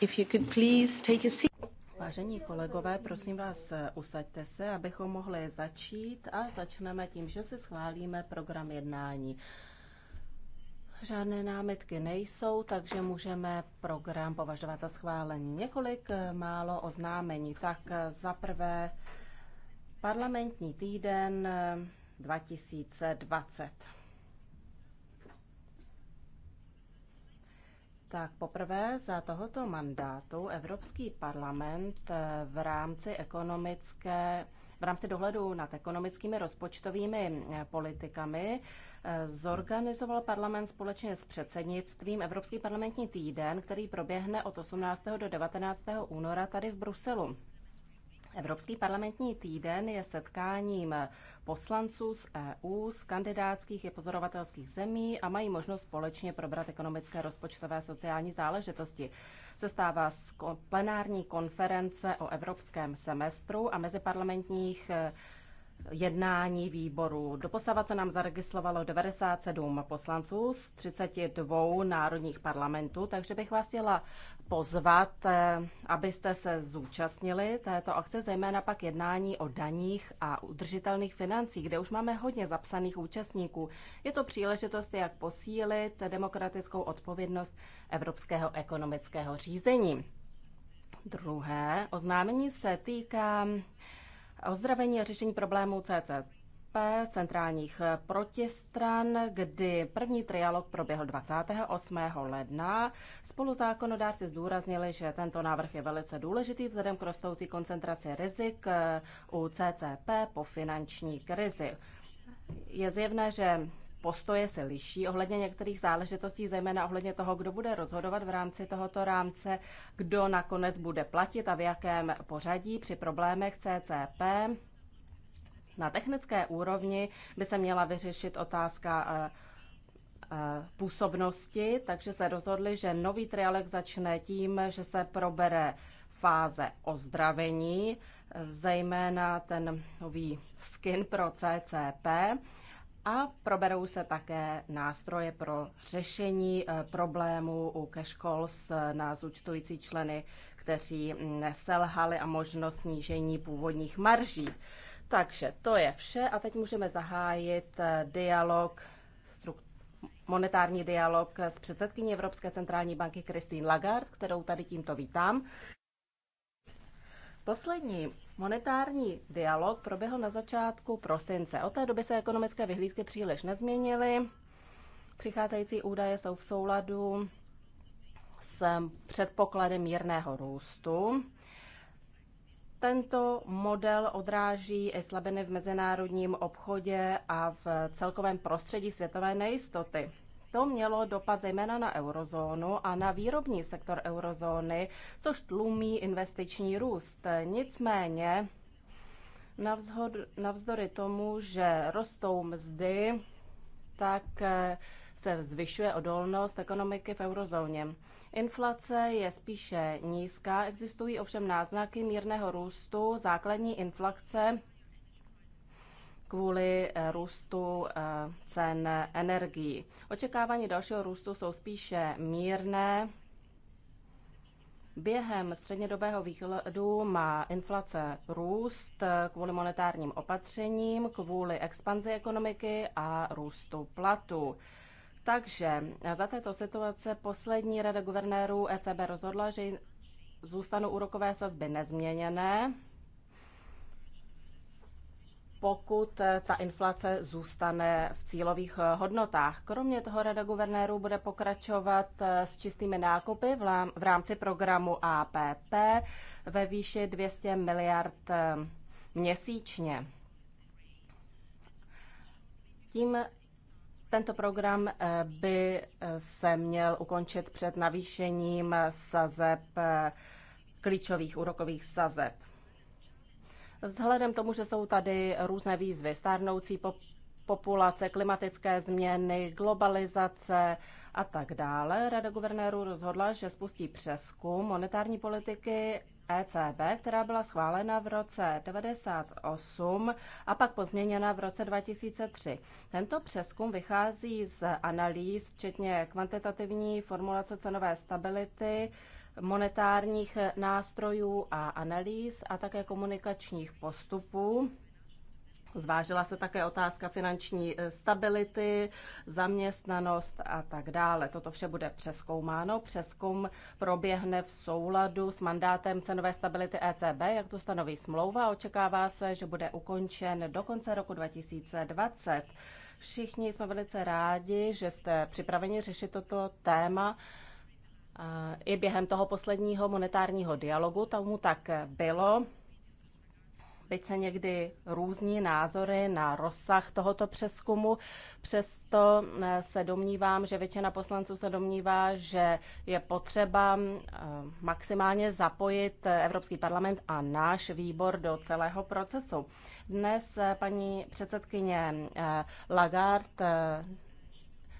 If you could please take a seat. Vážení kolegové, prosím vás, usaďte se, abychom mohli začít a začneme tím, že si schválíme program jednání. Žádné námitky nejsou, takže můžeme program považovat za schválení. Několik eh, málo oznámení. Tak eh, za prvé parlamentní týden eh, 2020. Tak poprvé za tohoto mandátu Evropský parlament eh, v rámci ekonomické v rámci dohledu nad ekonomickými rozpočtovými eh, politikami eh, zorganizoval parlament společně s předsednictvím Evropský parlamentní týden, který proběhne od 18. do 19. února tady v Bruselu. Evropský parlamentní týden je setkáním poslanců z EU, z kandidátských i pozorovatelských zemí a mají možnost společně probrat ekonomické, rozpočtové a sociální záležitosti. stává z plenární konference o evropském semestru a meziparlamentních jednání výboru. Doposavat se nám zaregistrovalo 97 poslanců z 32 národních parlamentů, takže bych vás chtěla pozvat, eh, abyste se zúčastnili této akce, zejména pak jednání o daních a udržitelných financích, kde už máme hodně zapsaných účastníků. Je to příležitost, jak posílit demokratickou odpovědnost evropského ekonomického řízení. Druhé oznámení se týká ozdravení a řešení problémů CCP centrálních protistran, kdy první trialog proběhl 28. ledna. Spoluzákonodárci zdůraznili, že tento návrh je velice důležitý vzhledem k rostoucí koncentraci rizik eh, u CCP po finanční krizi. Je zjevné, že postoje se liší ohledně některých záležitostí, zejména ohledně toho, kdo bude rozhodovat v rámci tohoto rámce, kdo nakonec bude platit a v jakém pořadí při problémech CCP. Na technické úrovni by se měla vyřešit otázka eh, eh, působnosti, takže se rozhodli, že nový trialek začne tím, že se probere fáze ozdravení, zejména ten nový skin pro CCP a proberou se také nástroje pro řešení eh, problémů u Cashcalls eh, na zúčtující členy, kteří neselhali a možnost snížení původních marží. Takže to je vše a teď můžeme zahájit eh, dialog, monetární dialog s předsedkyní Evropské centrální banky Christine Lagarde, kterou tady tímto vítám. Poslední monetární dialog proběhl na začátku prosince. Od té doby se ekonomické vyhlídky příliš nezměnily. Přicházející údaje jsou v souladu s předpokladem mírného růstu. Tento model odráží i slabiny v mezinárodním obchodě a v celkovém prostředí světové nejistoty. To mělo dopad zejména na eurozónu a na výrobní sektor eurozóny, což tlumí investiční růst. Nicméně, navzhod, navzdory tomu, že rostou mzdy, tak eh, se zvyšuje odolnost ekonomiky v eurozóně. Inflace je spíše nízká, existují ovšem náznaky mírného růstu základní inflace kvůli eh, růstu eh, cen energií. Očekávání dalšího růstu jsou spíše mírné. Během střednědobého výhledu má inflace růst eh, kvůli monetárním opatřením, kvůli expanzi ekonomiky a růstu platu. Takže za této situace poslední rada guvernérů ECB rozhodla, že zůstanou úrokové sazby nezměněné pokud eh, ta inflace zůstane v cílových eh, hodnotách. Kromě toho Rada guvernérů bude pokračovat eh, s čistými nákupy v rámci programu APP ve výši 200 miliard měsíčně. Tím tento program by se měl ukončit před navýšením sazeb klíčových úrokových sazeb. Vzhledem tomu, že jsou tady různé výzvy, stárnoucí pop populace, klimatické změny, globalizace a tak dále, Rada guvernérů rozhodla, že spustí přeskum monetární politiky ECB, která byla schválena v roce 1998 a pak pozměněna v roce 2003. Tento přeskum vychází z analýz, včetně kvantitativní formulace cenové stability, monetárních nástrojů a analýz a také komunikačních postupů. Zvážila se také otázka finanční eh, stability, zaměstnanost a tak dále. Toto vše bude přeskoumáno. Přeskum proběhne v souladu s mandátem cenové stability ECB, jak to stanoví smlouva. Očekává se, že bude ukončen do konce roku 2020. Všichni jsme velice rádi, že jste připraveni řešit toto téma i během toho posledního monetárního dialogu tomu tak bylo, byť se někdy různí názory na rozsah tohoto přeskumu. Přesto eh, se domnívám, že většina poslanců se domnívá, že je potřeba eh, maximálně zapojit Evropský parlament a náš výbor do celého procesu. Dnes eh, paní předsedkyně Lagarde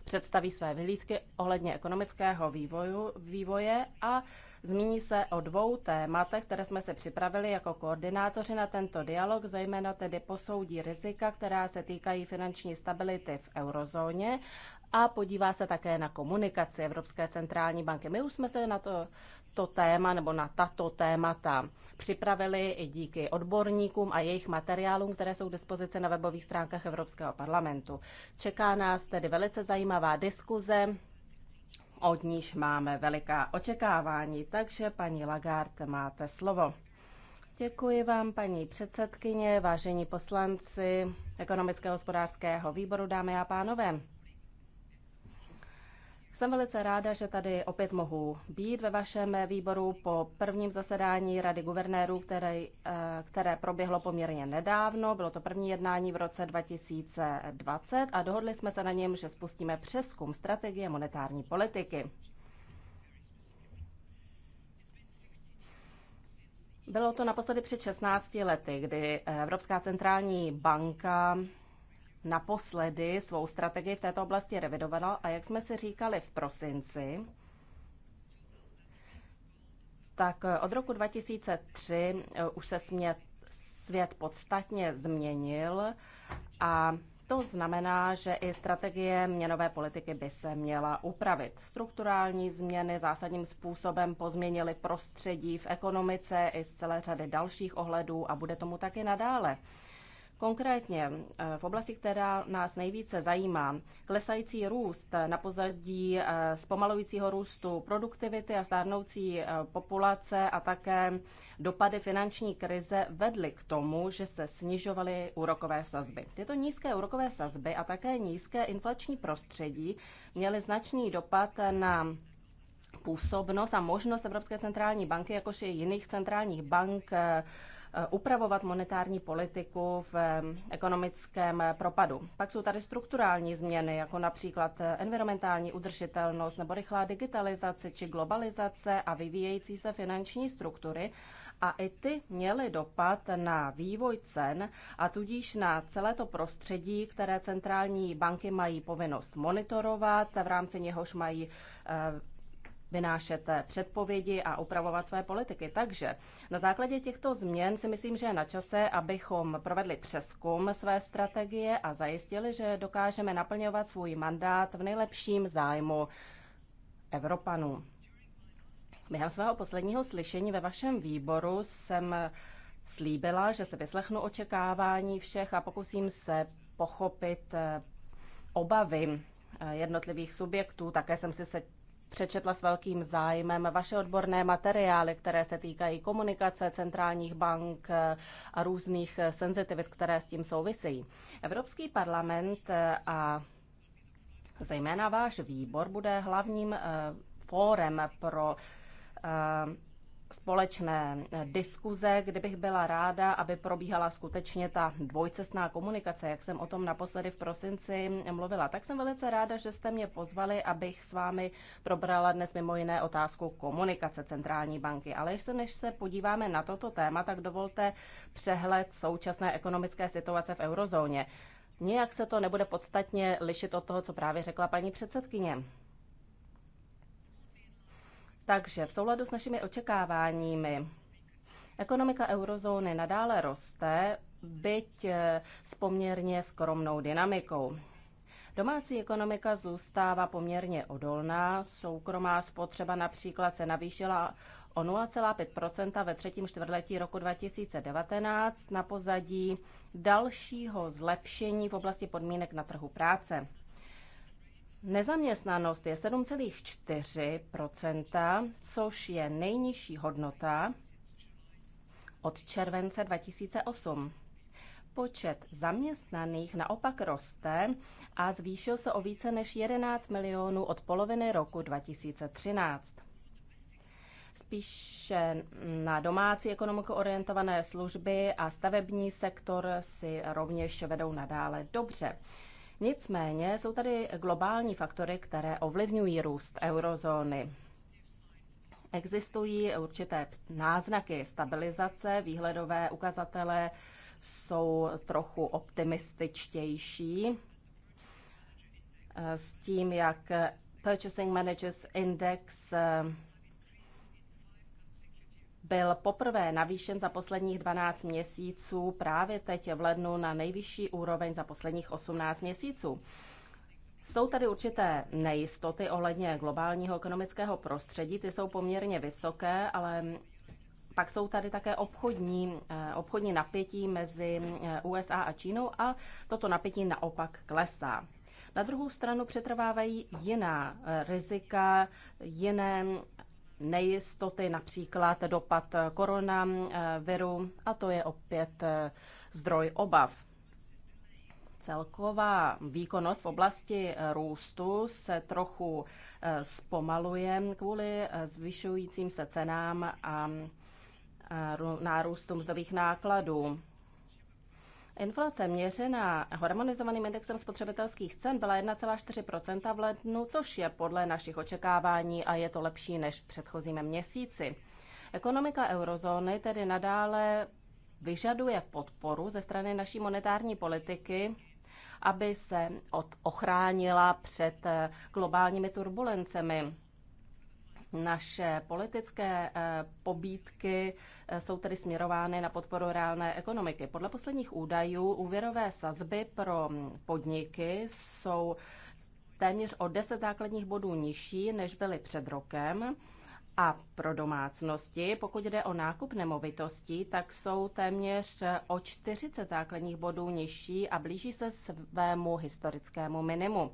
představí své vyhlídky ohledně ekonomického vývoju, vývoje a zmíní se o dvou tématech, které jsme se připravili jako koordinátoři na tento dialog, zejména tedy posoudí rizika, která se týkají finanční stability v eurozóně a podívá se také na komunikaci Evropské centrální banky. My už jsme se na to, to téma nebo na tato témata připravili i díky odborníkům a jejich materiálům, které jsou k dispozici na webových stránkách Evropského parlamentu. Čeká nás tedy velice zajímavá diskuze, od níž máme veliká očekávání. Takže paní Lagarde, máte slovo. Děkuji vám, paní předsedkyně, vážení poslanci ekonomického hospodářského výboru, dámy a pánové. Jsem velice ráda, že tady opět mohu být ve vašem výboru po prvním zasedání Rady guvernérů, které, eh, které proběhlo poměrně nedávno. Bylo to první jednání v roce 2020 a dohodli jsme se na něm, že spustíme přeskum strategie monetární politiky. Bylo to naposledy před 16 lety, kdy Evropská centrální banka naposledy svou strategii v této oblasti revidovala a jak jsme si říkali v prosinci, tak od roku 2003 eh, už se smět, svět podstatně změnil a to znamená, že i strategie měnové politiky by se měla upravit. Strukturální změny zásadním způsobem pozměnily prostředí v ekonomice i z celé řady dalších ohledů a bude tomu taky nadále. Konkrétně eh, v oblasti, která nás nejvíce zajímá, klesající růst na pozadí eh, zpomalujícího růstu produktivity a stárnoucí eh, populace a také dopady finanční krize vedly k tomu, že se snižovaly úrokové sazby. Tyto nízké úrokové sazby a také nízké inflační prostředí měly značný dopad na působnost a možnost Evropské centrální banky, jakož i jiných centrálních bank, Eh, upravovat monetární politiku v eh, ekonomickém eh, propadu. Pak jsou tady strukturální změny, jako například environmentální udržitelnost nebo rychlá digitalizace či globalizace a vyvíjející se finanční struktury. A i ty měly dopad na vývoj cen a tudíž na celé to prostředí, které centrální banky mají povinnost monitorovat, v rámci něhož mají vynášet předpovědi a upravovat své politiky. Takže na základě těchto změn si myslím, že je na čase, abychom provedli přeskum své strategie a zajistili, že dokážeme naplňovat svůj mandát v nejlepším zájmu Evropanů. Během svého posledního slyšení ve vašem výboru jsem slíbila, že se vyslechnu očekávání všech a pokusím se pochopit eh, obavy eh, jednotlivých subjektů. Také jsem si se přečetla s velkým zájmem vaše odborné materiály, které se týkají komunikace centrálních bank eh, a různých eh, senzitivit, které s tím souvisejí. Evropský parlament eh, a zejména váš výbor bude hlavním fórem pro společné eh, diskuze, kde bych byla ráda, aby probíhala skutečně ta dvojcestná komunikace, jak jsem o tom naposledy v prosinci mluvila. Tak jsem velice ráda, že jste mě pozvali, abych s vámi probrala dnes mimo jiné otázku komunikace centrální banky. Ale ještě než se podíváme na toto téma, tak dovolte přehled současné ekonomické situace v eurozóně. Nijak se to nebude podstatně lišit od toho, co právě řekla paní předsedkyně. Takže v souladu s našimi očekáváními ekonomika eurozóny nadále roste, byť eh, s poměrně skromnou dynamikou. Domácí ekonomika zůstává poměrně odolná, soukromá spotřeba například se navýšila o 0,5 ve třetím čtvrtletí roku 2019 na pozadí dalšího zlepšení v oblasti podmínek na trhu práce. Nezaměstnanost je 7,4%, což je nejnižší hodnota od července 2008. Počet zaměstnaných naopak roste a zvýšil se o více než 11 milionů od poloviny roku 2013. Spíše na domácí ekonomiku orientované služby a stavební sektor si rovněž vedou nadále dobře. Nicméně jsou tady globální faktory, které ovlivňují růst eurozóny. Existují určité náznaky stabilizace, výhledové ukazatele jsou trochu optimističtější eh, s tím, jak Purchasing Managers Index eh, byl poprvé navýšen za posledních 12 měsíců právě teď v lednu na nejvyšší úroveň za posledních 18 měsíců. Jsou tady určité nejistoty ohledně globálního ekonomického prostředí, ty jsou poměrně vysoké, ale pak jsou tady také obchodní, eh, obchodní napětí mezi eh, USA a Čínou a toto napětí naopak klesá. Na druhou stranu přetrvávají jiná rizika, jiné nejistoty, například dopad koronaviru, a to je opět eh, zdroj obav. Celková výkonnost v oblasti eh, růstu se trochu eh, zpomaluje kvůli zvyšujícím se cenám a nárůstu mzdových nákladů. Inflace měřená harmonizovaným indexem spotřebitelských cen byla 1,4 v lednu, což je podle našich očekávání a je to lepší než v předchozím měsíci. Ekonomika eurozóny tedy nadále vyžaduje podporu ze strany naší monetární politiky, aby se od ochránila před globálními turbulencemi. Naše politické eh, pobídky eh, jsou tedy směrovány na podporu reálné ekonomiky. Podle posledních údajů úvěrové sazby pro mm, podniky jsou téměř o 10 základních bodů nižší, než byly před rokem. A pro domácnosti, pokud jde o nákup nemovitostí, tak jsou téměř eh, o 40 základních bodů nižší a blíží se svému historickému minimu.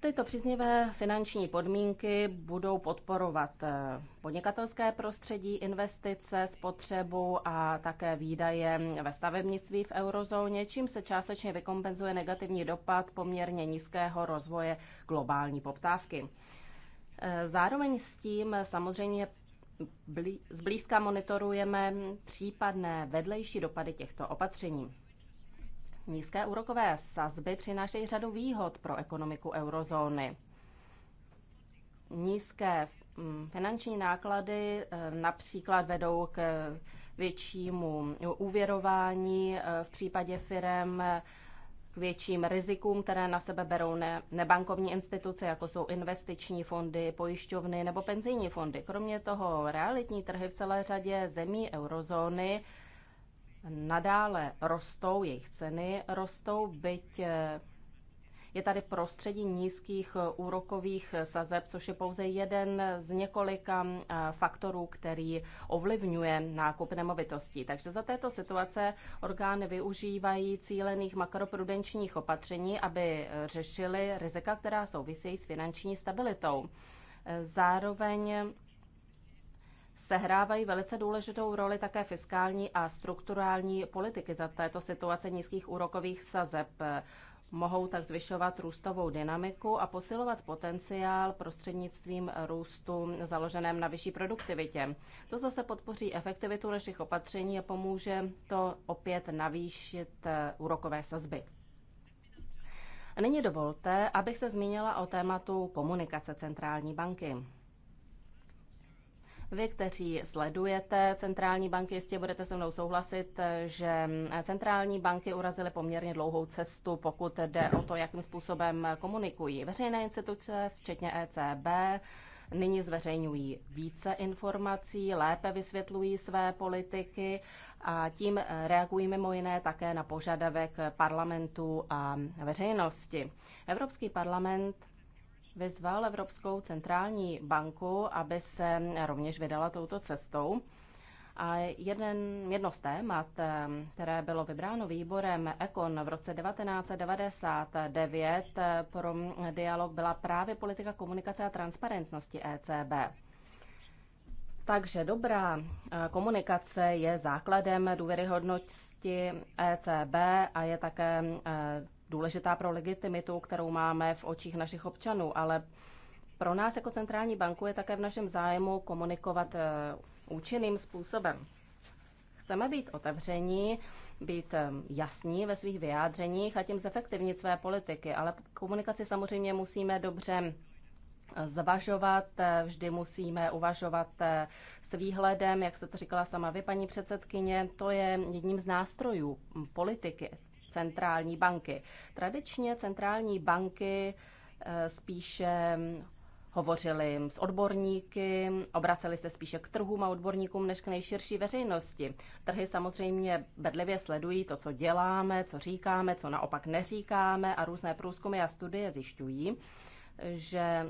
Tyto příznivé finanční podmínky budou podporovat eh, podnikatelské prostředí, investice, spotřebu a také výdaje ve stavebnictví v eurozóně, čím se částečně vykompenzuje negativní dopad poměrně nízkého rozvoje globální poptávky. Eh, zároveň s tím samozřejmě zblízka monitorujeme případné vedlejší dopady těchto opatření. Nízké úrokové sazby přinášejí řadu výhod pro ekonomiku eurozóny. Nízké mm, finanční náklady eh, například vedou k většímu úvěrování eh, v případě firem, k větším rizikům, které na sebe berou ne, nebankovní instituce, jako jsou investiční fondy, pojišťovny nebo penzijní fondy. Kromě toho realitní trhy v celé řadě zemí eurozóny nadále rostou, jejich ceny rostou, byť eh, je tady prostředí nízkých eh, úrokových sazeb, což je pouze jeden z několika eh, faktorů, který ovlivňuje nákup nemovitostí. Takže za této situace orgány využívají cílených makroprudenčních opatření, aby řešily rizika, která souvisejí s finanční stabilitou. Zároveň sehrávají velice důležitou roli také fiskální a strukturální politiky za této situace nízkých úrokových sazeb. Mohou tak zvyšovat růstovou dynamiku a posilovat potenciál prostřednictvím růstu založeném na vyšší produktivitě. To zase podpoří efektivitu našich opatření a pomůže to opět navýšit eh, úrokové sazby. A nyní dovolte, abych se zmínila o tématu komunikace centrální banky. Vy, kteří sledujete centrální banky, jistě budete se mnou souhlasit, že centrální banky urazily poměrně dlouhou cestu, pokud jde o to, jakým způsobem komunikují veřejné instituce, včetně ECB. Nyní zveřejňují více informací, lépe vysvětlují své politiky a tím reagují mimo jiné také na požadavek parlamentu a veřejnosti. Evropský parlament vyzval Evropskou centrální banku, aby se rovněž vydala touto cestou. A jeden, jedno z témat, které bylo vybráno výborem Econ v roce 1999 pro dialog, byla právě politika komunikace a transparentnosti ECB. Takže dobrá e, komunikace je základem důvěryhodnosti ECB a je také e, důležitá pro legitimitu, kterou máme v očích našich občanů, ale pro nás jako centrální banku je také v našem zájmu komunikovat eh, účinným způsobem. Chceme být otevření, být eh, jasní ve svých vyjádřeních a tím zefektivnit své politiky, ale komunikaci samozřejmě musíme dobře eh, zvažovat, vždy musíme uvažovat s výhledem, jak jste to říkala sama vy, paní předsedkyně, to je jedním z nástrojů politiky, centrální banky. Tradičně centrální banky eh, spíše hovořili s odborníky, obraceli se spíše k trhům a odborníkům než k nejširší veřejnosti. Trhy samozřejmě bedlivě sledují to, co děláme, co říkáme, co naopak neříkáme a různé průzkumy a studie zjišťují, že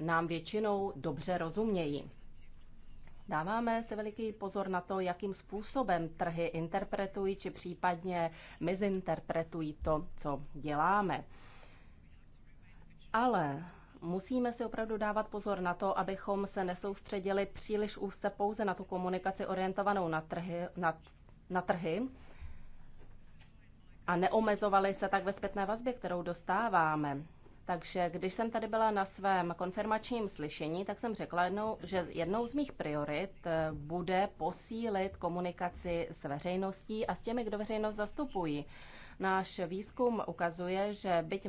nám většinou dobře rozumějí. Dáváme se veliký pozor na to, jakým způsobem trhy interpretují či případně mizinterpretují to, co děláme. Ale musíme si opravdu dávat pozor na to, abychom se nesoustředili příliš úzce pouze na tu komunikaci orientovanou na trhy, na, na trhy a neomezovali se tak ve zpětné vazbě, kterou dostáváme. Takže když jsem tady byla na svém konfirmačním slyšení, tak jsem řekla jednou, že jednou z mých priorit eh, bude posílit komunikaci s veřejností a s těmi, kdo veřejnost zastupují. Náš výzkum ukazuje, že byť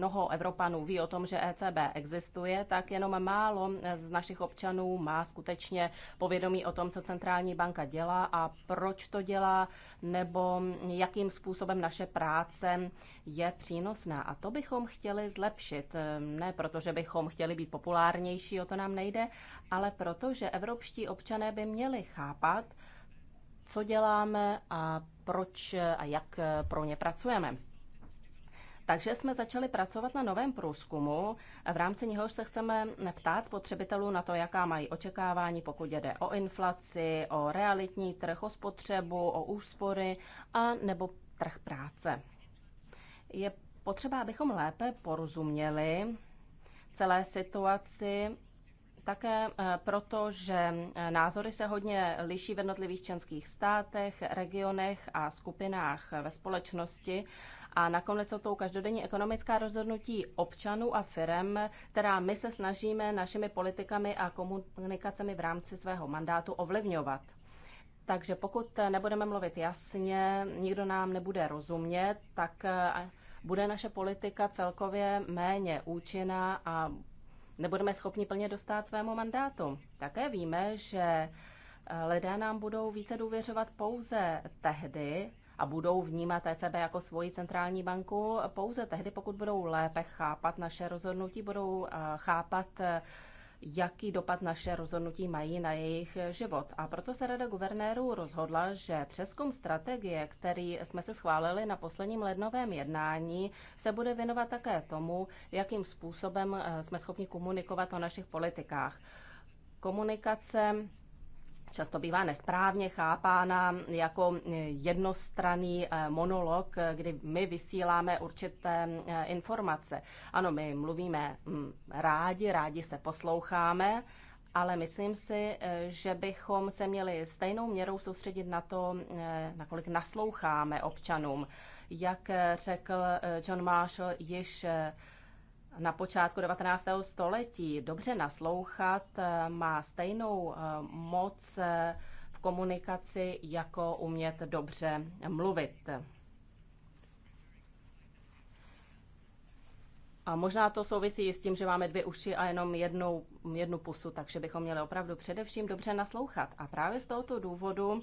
mnoho Evropanů ví o tom, že ECB existuje, tak jenom málo z našich občanů má skutečně povědomí o tom, co centrální banka dělá a proč to dělá, nebo jakým způsobem naše práce je přínosná. A to bychom chtěli zlepšit. Ne proto, že bychom chtěli být populárnější, o to nám nejde, ale proto, že evropští občané by měli chápat, co děláme a proč a jak pro ně pracujeme. Takže jsme začali pracovat na novém průzkumu, v rámci něhož se chceme ptát spotřebitelů na to, jaká mají očekávání, pokud jde o inflaci, o realitní trh, o spotřebu, o úspory a nebo trh práce. Je potřeba, abychom lépe porozuměli celé situaci také eh, proto, že eh, názory se hodně liší v jednotlivých členských státech, regionech a skupinách eh, ve společnosti. A nakonec jsou to každodenní ekonomická rozhodnutí občanů a firm, která my se snažíme našimi politikami a komunikacemi v rámci svého mandátu ovlivňovat. Takže pokud nebudeme mluvit jasně, nikdo nám nebude rozumět, tak bude naše politika celkově méně účinná a nebudeme schopni plně dostat svému mandátu. Také víme, že eh, lidé nám budou více důvěřovat pouze tehdy a budou vnímat ECB jako svoji centrální banku pouze tehdy, pokud budou lépe chápat naše rozhodnutí, budou eh, chápat eh, jaký dopad naše rozhodnutí mají na jejich život. A proto se Rada guvernérů rozhodla, že přeskum strategie, který jsme se schválili na posledním lednovém jednání, se bude věnovat také tomu, jakým způsobem eh, jsme schopni komunikovat o našich politikách. Komunikace často bývá nesprávně chápána jako jednostranný eh, monolog, kdy my vysíláme určité eh, informace. Ano, my mluvíme mm, rádi, rádi se posloucháme, ale myslím si, eh, že bychom se měli stejnou měrou soustředit na to, nakolik nasloucháme občanům. Jak řekl John Marshall již na počátku 19. století dobře naslouchat eh, má stejnou eh, moc eh, v komunikaci, jako umět dobře mluvit. A možná to souvisí s tím, že máme dvě uši a jenom jednu, jednu pusu, takže bychom měli opravdu především dobře naslouchat. A právě z tohoto důvodu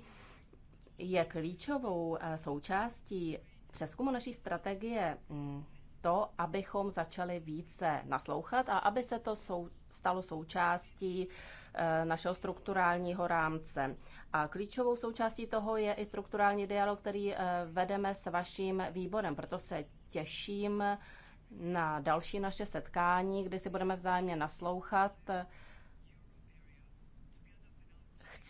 je klíčovou součástí přeskumu naší strategie mm, to, abychom začali více naslouchat a aby se to sou, stalo součástí eh, našeho strukturálního rámce. A klíčovou součástí toho je i strukturální dialog, který eh, vedeme s vaším výborem. Proto se těším na další naše setkání, kdy si budeme vzájemně naslouchat eh,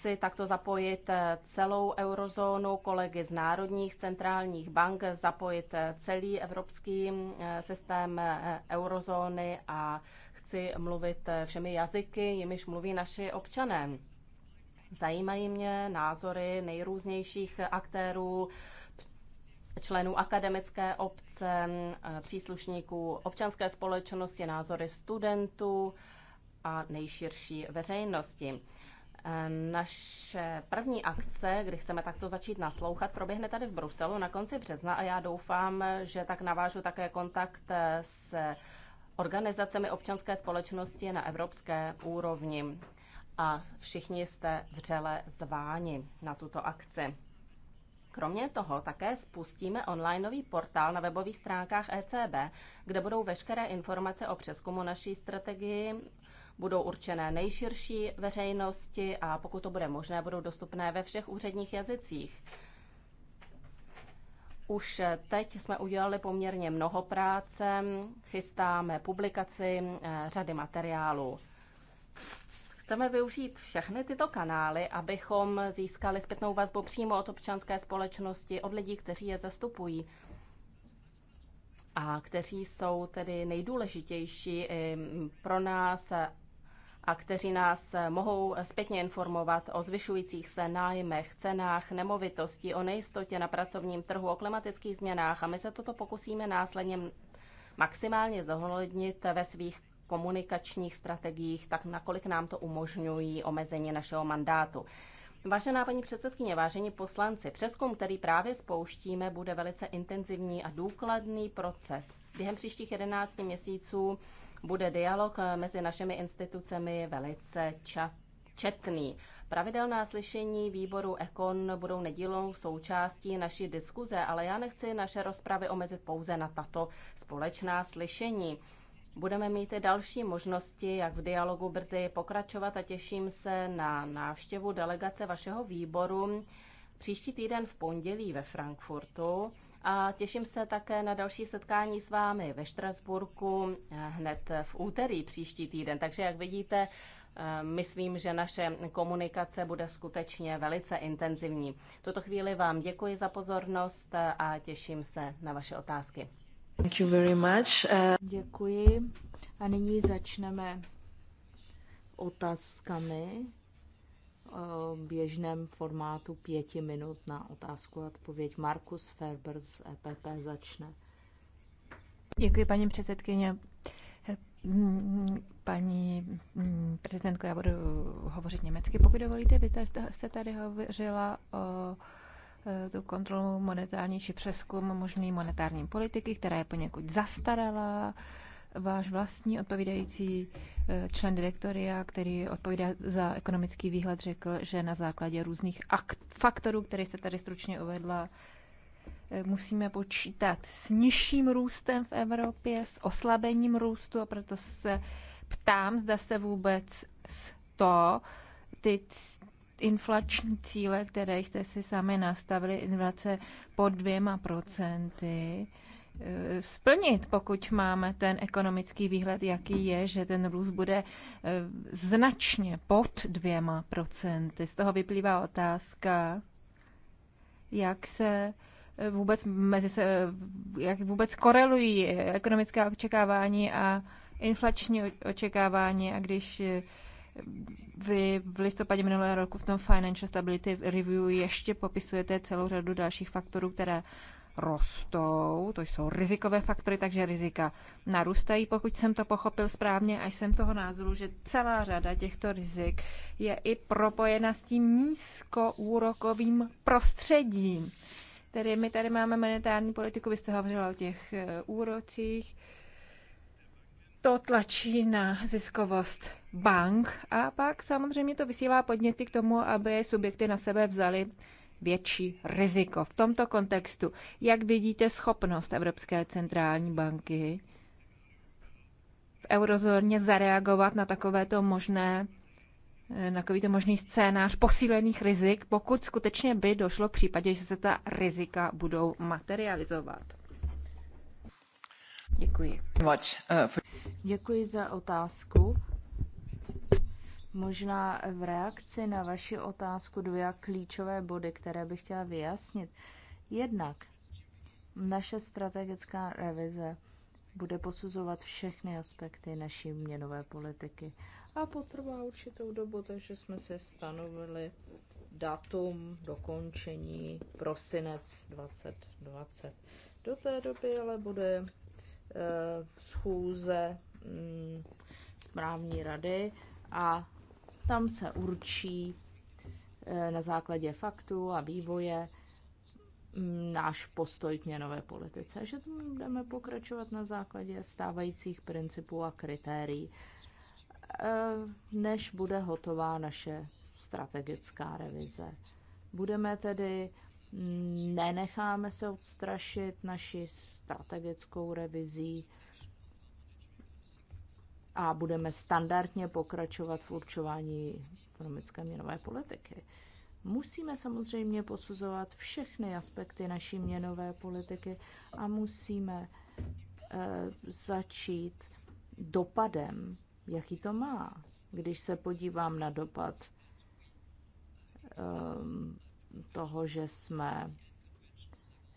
chci takto zapojit eh, celou eurozónu, kolegy z národních centrálních bank, zapojit eh, celý evropský mm, eh, systém eurozóny a chci mluvit všemi jazyky, jimiž mluví naši občané. Zajímají mě názory nejrůznějších aktérů, členů akademické obce, mm, příslušníků občanské společnosti, názory studentů a nejširší veřejnosti. Naše první akce, kdy chceme takto začít naslouchat, proběhne tady v Bruselu na konci března a já doufám, že tak navážu také kontakt s organizacemi občanské společnosti na evropské úrovni. A všichni jste vřele zváni na tuto akci. Kromě toho také spustíme online nový portál na webových stránkách ECB, kde budou veškeré informace o přeskumu naší strategii, budou určené nejširší veřejnosti a pokud to bude možné, budou dostupné ve všech úředních jazycích. Už teď jsme udělali poměrně mnoho práce, chystáme publikaci eh, řady materiálů. Chceme využít všechny tyto kanály, abychom získali zpětnou vazbu přímo od občanské společnosti, od lidí, kteří je zastupují a kteří jsou tedy nejdůležitější eh, pro nás a kteří nás eh, mohou eh, zpětně informovat o zvyšujících se nájmech, cenách, nemovitosti, o nejistotě na pracovním trhu, o klimatických změnách a my se toto pokusíme následně maximálně zohlednit ve svých komunikačních strategiích, tak nakolik nám to umožňují omezení našeho mandátu. Vážená paní předsedkyně, vážení poslanci, přeskum, který právě spouštíme, bude velice intenzivní a důkladný proces. Během příštích 11 měsíců bude dialog eh, mezi našimi institucemi velice četný. Pravidelná slyšení výboru Ekon budou nedílnou součástí naší diskuze, ale já nechci naše rozpravy omezit pouze na tato společná slyšení. Budeme mít i další možnosti, jak v dialogu brzy pokračovat a těším se na návštěvu delegace vašeho výboru příští týden v pondělí ve Frankfurtu a těším se také na další setkání s vámi ve Štrasburku eh, hned v úterý příští týden. Takže, jak vidíte, eh, myslím, že naše komunikace bude skutečně velice intenzivní. Tuto chvíli vám děkuji za pozornost eh, a těším se na vaše otázky. Thank you very much. Uh... Děkuji. A nyní začneme otázkami. Eh, běžném formátu pěti minut na otázku a odpověď. Markus Ferber z EPP začne. Děkuji, paní předsedkyně. Paní prezidentko, já budu hovořit německy, pokud dovolíte. Vy jste tady hovořila o eh, tu kontrolu monetární či přeskum možný monetární politiky, která je poněkud zastarala váš vlastní odpovídající eh, člen direktoria, který odpovídá za ekonomický výhled, řekl, že na základě různých akt, faktorů, které jste tady stručně uvedla, eh, musíme počítat s nižším růstem v Evropě, s oslabením růstu a proto se ptám, zda se vůbec to ty inflační cíle, které jste si sami nastavili, inflace pod dvěma procenty, Eh, splnit, pokud máme ten ekonomický výhled, jaký je, že ten růst bude eh, značně pod dvěma procenty. Z toho vyplývá otázka, jak se eh, vůbec, mezi se, jak vůbec korelují ekonomická očekávání a inflační očekávání a když vy v listopadě minulého roku v tom Financial Stability Review ještě popisujete celou řadu dalších faktorů, které rostou, to jsou rizikové faktory, takže rizika narůstají, pokud jsem to pochopil správně, až jsem toho názoru, že celá řada těchto rizik je i propojena s tím nízkoúrokovým prostředím. Tedy my tady máme monetární politiku, vy jste hovořila o těch e, úrocích, to tlačí na ziskovost bank a pak samozřejmě to vysílá podněty k tomu, aby subjekty na sebe vzali větší riziko. V tomto kontextu, jak vidíte schopnost Evropské centrální banky v eurozóně zareagovat na takovéto možné eh, na takovýto možný scénář posílených rizik, pokud skutečně by došlo k případě, že se ta rizika budou materializovat. Děkuji. Uh, Děkuji za otázku. Možná v reakci na vaši otázku dvě klíčové body, které bych chtěla vyjasnit. Jednak naše strategická revize bude posuzovat všechny aspekty naší měnové politiky a potrvá určitou dobu, takže jsme se stanovili datum dokončení prosinec 2020. Do té doby ale bude e, schůze mm, správní rady a tam se určí eh, na základě faktů a vývoje mm, náš postoj k měnové politice, že budeme pokračovat na základě stávajících principů a kritérií, eh, než bude hotová naše strategická revize. Budeme tedy, mm, nenecháme se odstrašit naši strategickou revizí, a budeme standardně pokračovat v určování ekonomické měnové politiky. Musíme samozřejmě posuzovat všechny aspekty naší měnové politiky a musíme e, začít dopadem, jaký to má. Když se podívám na dopad e, toho, že jsme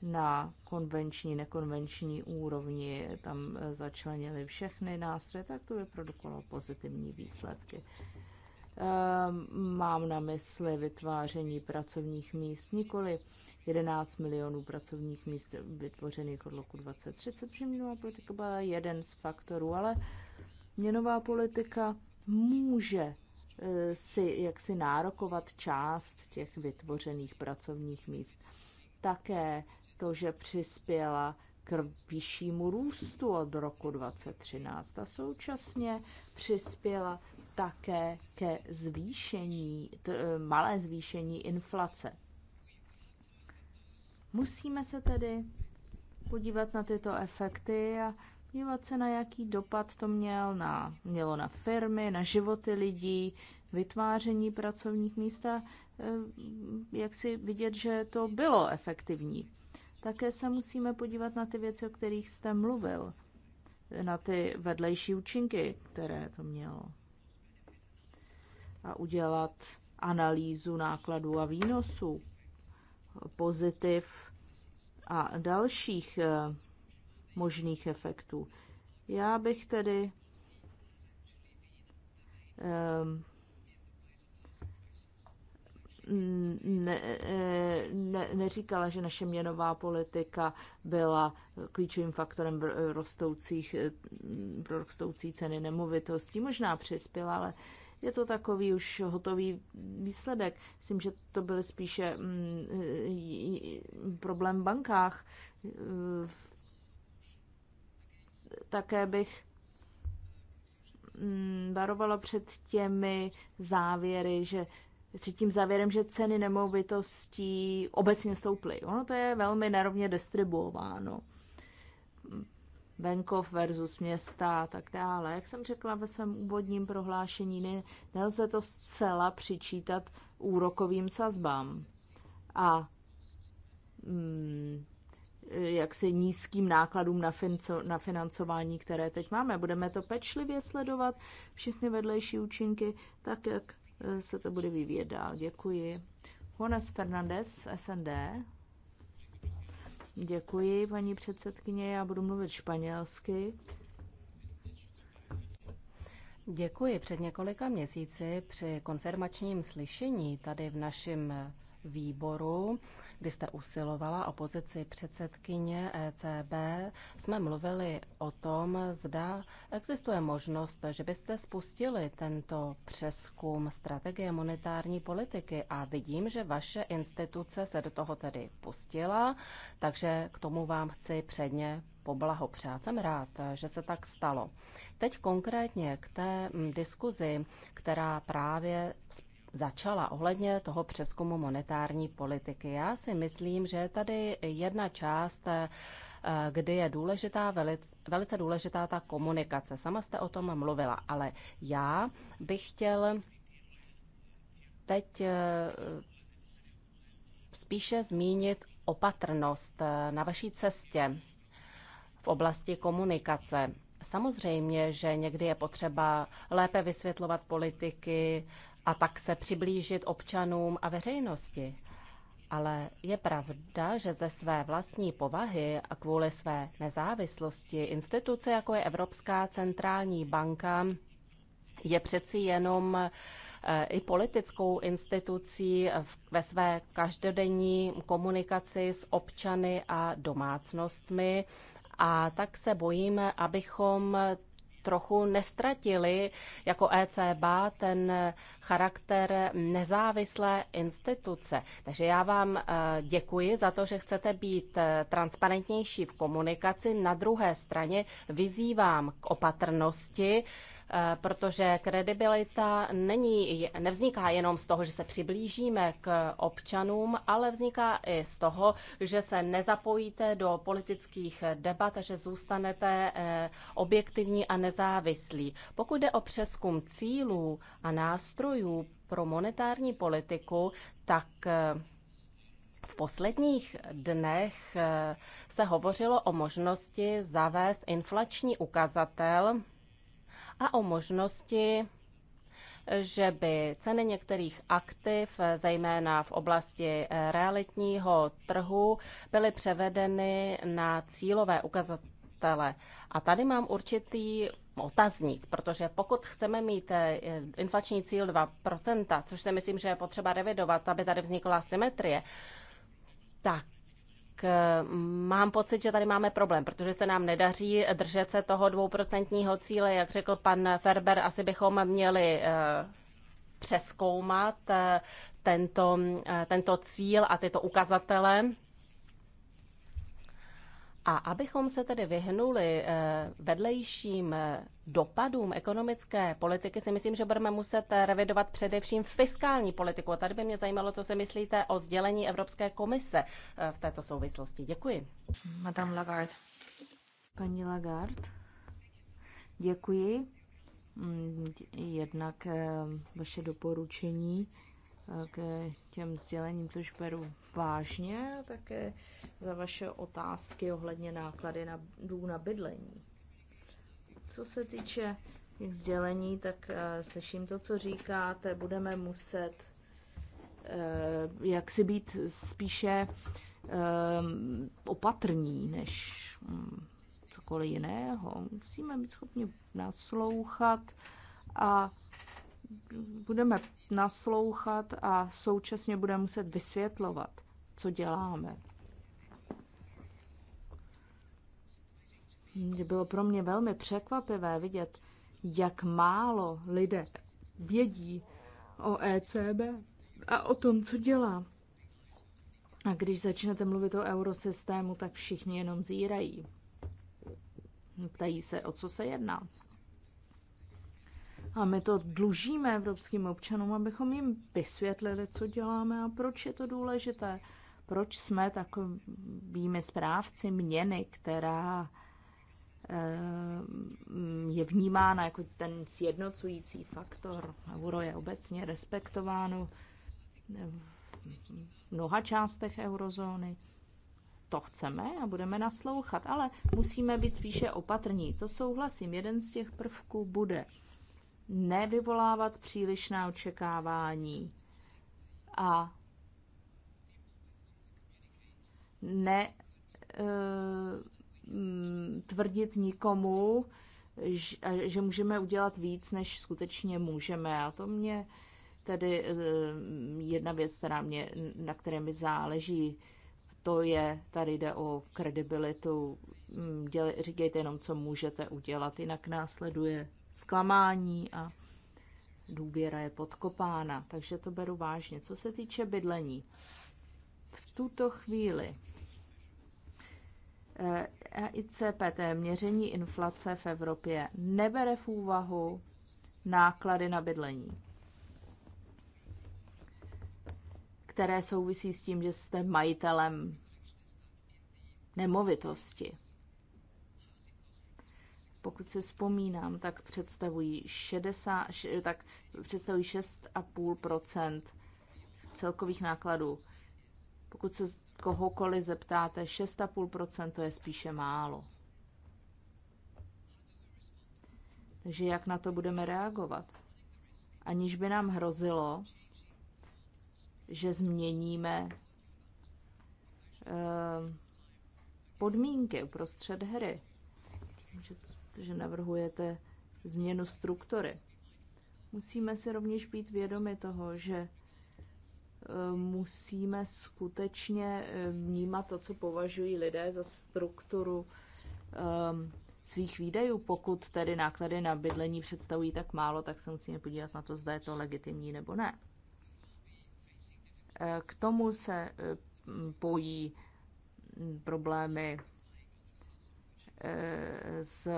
na konvenční, nekonvenční úrovni, tam začlenili všechny nástroje, tak to vyprodukovalo pozitivní výsledky. Ehm, mám na mysli vytváření pracovních míst, nikoli 11 milionů pracovních míst vytvořených od roku 2030, protože měnová politika byla jeden z faktorů, ale měnová politika může eh, si jaksi nárokovat část těch vytvořených pracovních míst. Také to, že přispěla k vyššímu růstu od roku 2013 a současně přispěla také ke zvýšení, t, e, malé zvýšení inflace. Musíme se tedy podívat na tyto efekty a podívat se, na jaký dopad to měl na, mělo na firmy, na životy lidí, vytváření pracovních míst e, jak si vidět, že to bylo efektivní. Také se musíme podívat na ty věci, o kterých jste mluvil, na ty vedlejší účinky, které to mělo. A udělat analýzu nákladů a výnosů, pozitiv a dalších eh, možných efektů. Já bych tedy um, ne, ne, neříkala, že naše měnová politika byla klíčovým faktorem rostoucích, pro rostoucí ceny nemovitostí. Možná přispěla, ale je to takový už hotový výsledek. Myslím, že to byl spíše mm, problém v bankách. Také bych mm, varovala před těmi závěry, že třetím závěrem, že ceny nemovitostí obecně stouply. Ono to je velmi nerovně distribuováno. Venkov versus města a tak dále. Jak jsem řekla ve svém úvodním prohlášení, ne, nelze to zcela přičítat úrokovým sazbám a mm, jaksi nízkým nákladům na, finco, na financování, které teď máme. Budeme to pečlivě sledovat, všechny vedlejší účinky, tak jak Eh, se to bude vyvíjet dál. Děkuji. Jones Fernandez, SND. Děkuji, paní předsedkyně, já budu mluvit španělsky. Děkuji. Před několika měsíci při konfirmačním slyšení tady v našem výboru, kdy jste usilovala o pozici předsedkyně ECB, jsme mluvili o tom, zda existuje možnost, že byste spustili tento přeskum strategie monetární politiky a vidím, že vaše instituce se do toho tedy pustila, takže k tomu vám chci předně poblahopřát. Jsem rád, že se tak stalo. Teď konkrétně k té mm, diskuzi, která právě začala ohledně toho přeskumu monetární politiky. Já si myslím, že tady jedna část eh, kdy je důležitá, velice, velice důležitá ta komunikace. Sama jste o tom mluvila, ale já bych chtěl teď eh, spíše zmínit opatrnost eh, na vaší cestě v oblasti komunikace. Samozřejmě, že někdy je potřeba lépe vysvětlovat politiky, a tak se přiblížit občanům a veřejnosti. Ale je pravda, že ze své vlastní povahy a kvůli své nezávislosti instituce, jako je Evropská centrální banka, je přeci jenom eh, i politickou institucí ve své každodenní komunikaci s občany a domácnostmi. A tak se bojíme, abychom trochu nestratili jako ECB ten charakter nezávislé instituce. Takže já vám eh, děkuji za to, že chcete být eh, transparentnější v komunikaci. Na druhé straně vyzývám k opatrnosti, Eh, protože kredibilita není, nevzniká jenom z toho, že se přiblížíme k občanům, ale vzniká i z toho, že se nezapojíte do politických debat a že zůstanete eh, objektivní a nezávislí. Pokud jde o přeskum cílů a nástrojů pro monetární politiku, tak eh, v posledních dnech se hovořilo o možnosti zavést inflační ukazatel a o možnosti že by ceny některých aktiv, zejména v oblasti eh, realitního trhu, byly převedeny na cílové ukazatele. A tady mám určitý otazník, protože pokud chceme mít eh, inflační cíl 2%, což si myslím, že je potřeba revidovat, aby tady vznikla symetrie, tak Eh, mám pocit, že tady máme problém, protože se nám nedaří držet se toho dvouprocentního cíle. Jak řekl pan Ferber, asi bychom měli eh, přeskoumat eh, tento, tento cíl a tyto ukazatele a abychom se tedy vyhnuli eh, vedlejším eh, dopadům ekonomické politiky, si myslím, že budeme muset eh, revidovat především fiskální politiku. A tady by mě zajímalo, co si myslíte o sdělení Evropské komise v této souvislosti. Děkuji. Madame Lagarde. Paní Lagarde, děkuji. Mm, jednak vaše doporučení k těm sdělením, což beru vážně, a také za vaše otázky ohledně náklady na, na bydlení. Co se týče těch sdělení, tak uh, slyším to, co říkáte, budeme muset uh, eh, jak si být spíše uh, opatrní než um, cokoliv jiného. Musíme být schopni naslouchat a budeme naslouchat a současně budeme muset vysvětlovat, co děláme. Bylo pro mě velmi překvapivé vidět, jak málo lidé vědí o ECB a o tom, co dělá. A když začnete mluvit o eurosystému, tak všichni jenom zírají. Ptají se, o co se jedná. A my to dlužíme evropským občanům, abychom jim vysvětlili, co děláme a proč je to důležité. Proč jsme takovými správci měny, která eh, je vnímána jako ten sjednocující faktor. Euro je obecně respektováno v mnoha částech eurozóny. To chceme a budeme naslouchat, ale musíme být spíše opatrní. To souhlasím. Jeden z těch prvků bude nevyvolávat přílišná očekávání a ne eh, mm, tvrdit nikomu, že můžeme udělat víc, než skutečně můžeme. A to mě tedy eh, jedna věc, která mě, na které mi záleží, to je, tady jde o kredibilitu. Mm, děle, říkejte jenom, co můžete udělat, jinak následuje zklamání a důvěra je podkopána. Takže to beru vážně. Co se týče bydlení, v tuto chvíli eh, e ICP, to je měření inflace v Evropě, nebere v úvahu náklady na bydlení, které souvisí s tím, že jste majitelem nemovitosti pokud se vzpomínám, tak představují, 60, tak představují 6,5 celkových nákladů. Pokud se kohokoliv zeptáte, 6,5 to je spíše málo. Takže jak na to budeme reagovat? Aniž by nám hrozilo, že změníme eh, podmínky uprostřed hry. Můžete že navrhujete změnu struktury. Musíme si rovněž být vědomi toho, že e, musíme skutečně e, vnímat to, co považují lidé za strukturu ehm, svých výdajů. Pokud tedy náklady na bydlení představují tak málo, tak se musíme podívat na to, zda je to legitimní nebo ne. E, k tomu se pojí problémy s,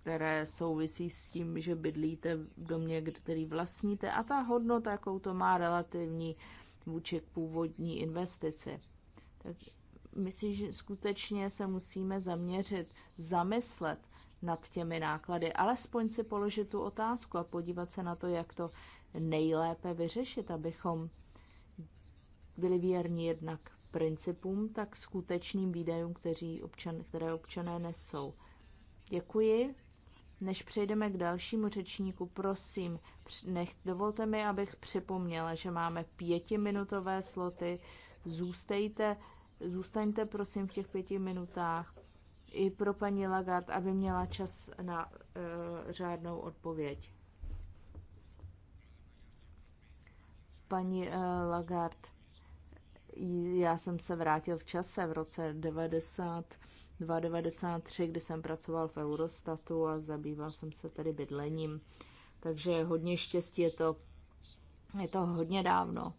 které souvisí s tím, že bydlíte v domě, který vlastníte a ta hodnota, jakou to má relativní vůči k původní investici. Tak myslím, že skutečně se musíme zaměřit, zamyslet nad těmi náklady, alespoň si položit tu otázku a podívat se na to, jak to nejlépe vyřešit, abychom byli věrní jednak principům, tak skutečným výdajům, kteří občan, které občané nesou. Děkuji. Než přejdeme k dalšímu řečníku, prosím, nech, dovolte mi, abych připomněla, že máme pětiminutové sloty. Zůstejte, zůstaňte prosím v těch pěti minutách i pro paní Lagarde, aby měla čas na uh, řádnou odpověď. Paní uh, Lagarde, já jsem se vrátil v čase v roce 92, 93, kdy jsem pracoval v Eurostatu a zabýval jsem se tedy bydlením. Takže hodně štěstí, je to, je to hodně dávno.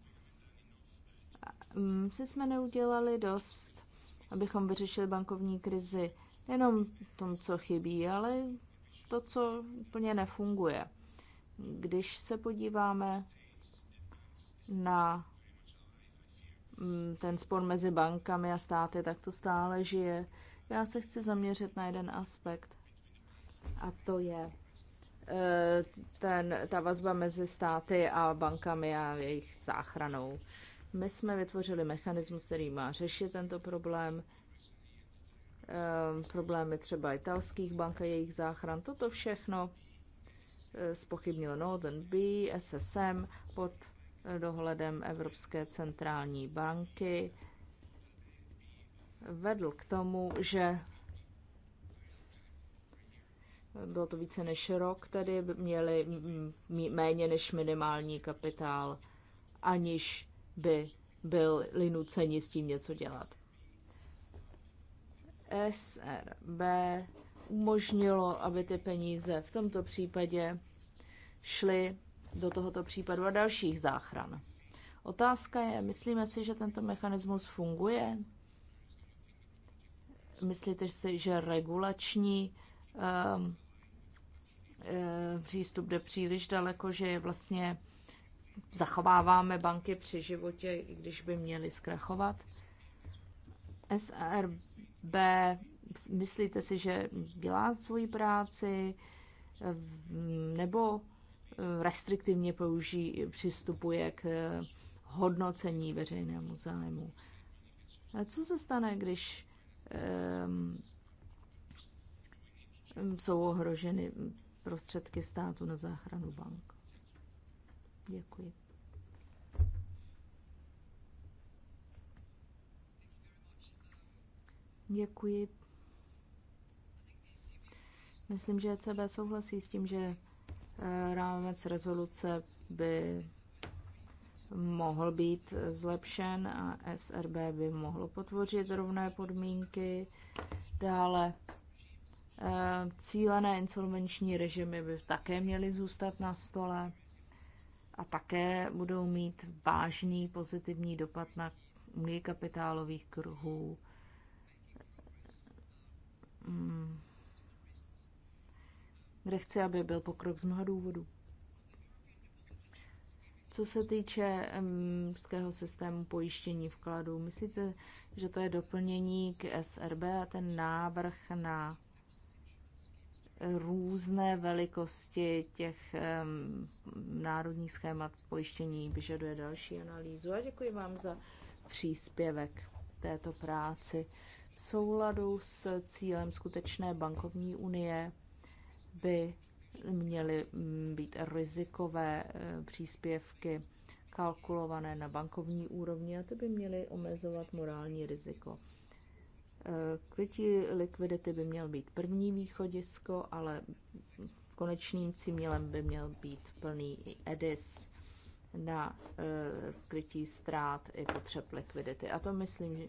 Mm, si jsme neudělali dost, abychom vyřešili bankovní krizi. Jenom tom, co chybí, ale to, co úplně nefunguje. Když se podíváme na Mm, ten spor mezi bankami a státy, tak to stále žije. Já se chci zaměřit na jeden aspekt a to je eh, ten, ta vazba mezi státy a bankami a jejich záchranou. My jsme vytvořili mechanismus, který má řešit tento problém. Eh, problémy třeba italských bank a jejich záchran. Toto všechno eh, spochybnilo Northern B, SSM pod dohledem Evropské centrální banky vedl k tomu, že bylo to více než rok, tedy měli méně než minimální kapitál, aniž by byli nuceni s tím něco dělat. SRB umožnilo, aby ty peníze v tomto případě šly do tohoto případu a dalších záchran. Otázka je, myslíme si, že tento mechanismus funguje? Myslíte si, že regulační um, um, přístup jde příliš daleko, že je vlastně zachováváme banky při životě, i když by měly zkrachovat? SRB, myslíte si, že dělá svoji práci? Ehm, nebo restriktivně použí, přistupuje k eh, hodnocení veřejnému zájmu. A co se stane, když um, jsou ohroženy prostředky státu na záchranu bank? Děkuji. Děkuji. Myslím, že Cb souhlasí s tím, že Eh, rámec rezoluce by mohl být zlepšen a SRB by mohlo potvořit rovné podmínky. Dále eh, cílené insolvenční režimy by také měly zůstat na stole a také budou mít vážný pozitivní dopad na unii kapitálových kruhů. Hmm kde chci, aby byl pokrok z mnoha důvodů. Co se týče mského systému pojištění vkladů, myslíte, že to je doplnění k SRB a ten návrh na různé velikosti těch národních schémat pojištění vyžaduje další analýzu. A děkuji vám za příspěvek této práci. V souladu s cílem skutečné bankovní unie by měly mm, být rizikové eh, příspěvky kalkulované na bankovní úrovni a ty by měly omezovat morální riziko. Eh, krytí likvidity by měl být první východisko, ale konečným cílem by měl být plný EDIS na eh, krytí ztrát i potřeb likvidity. A to myslím, že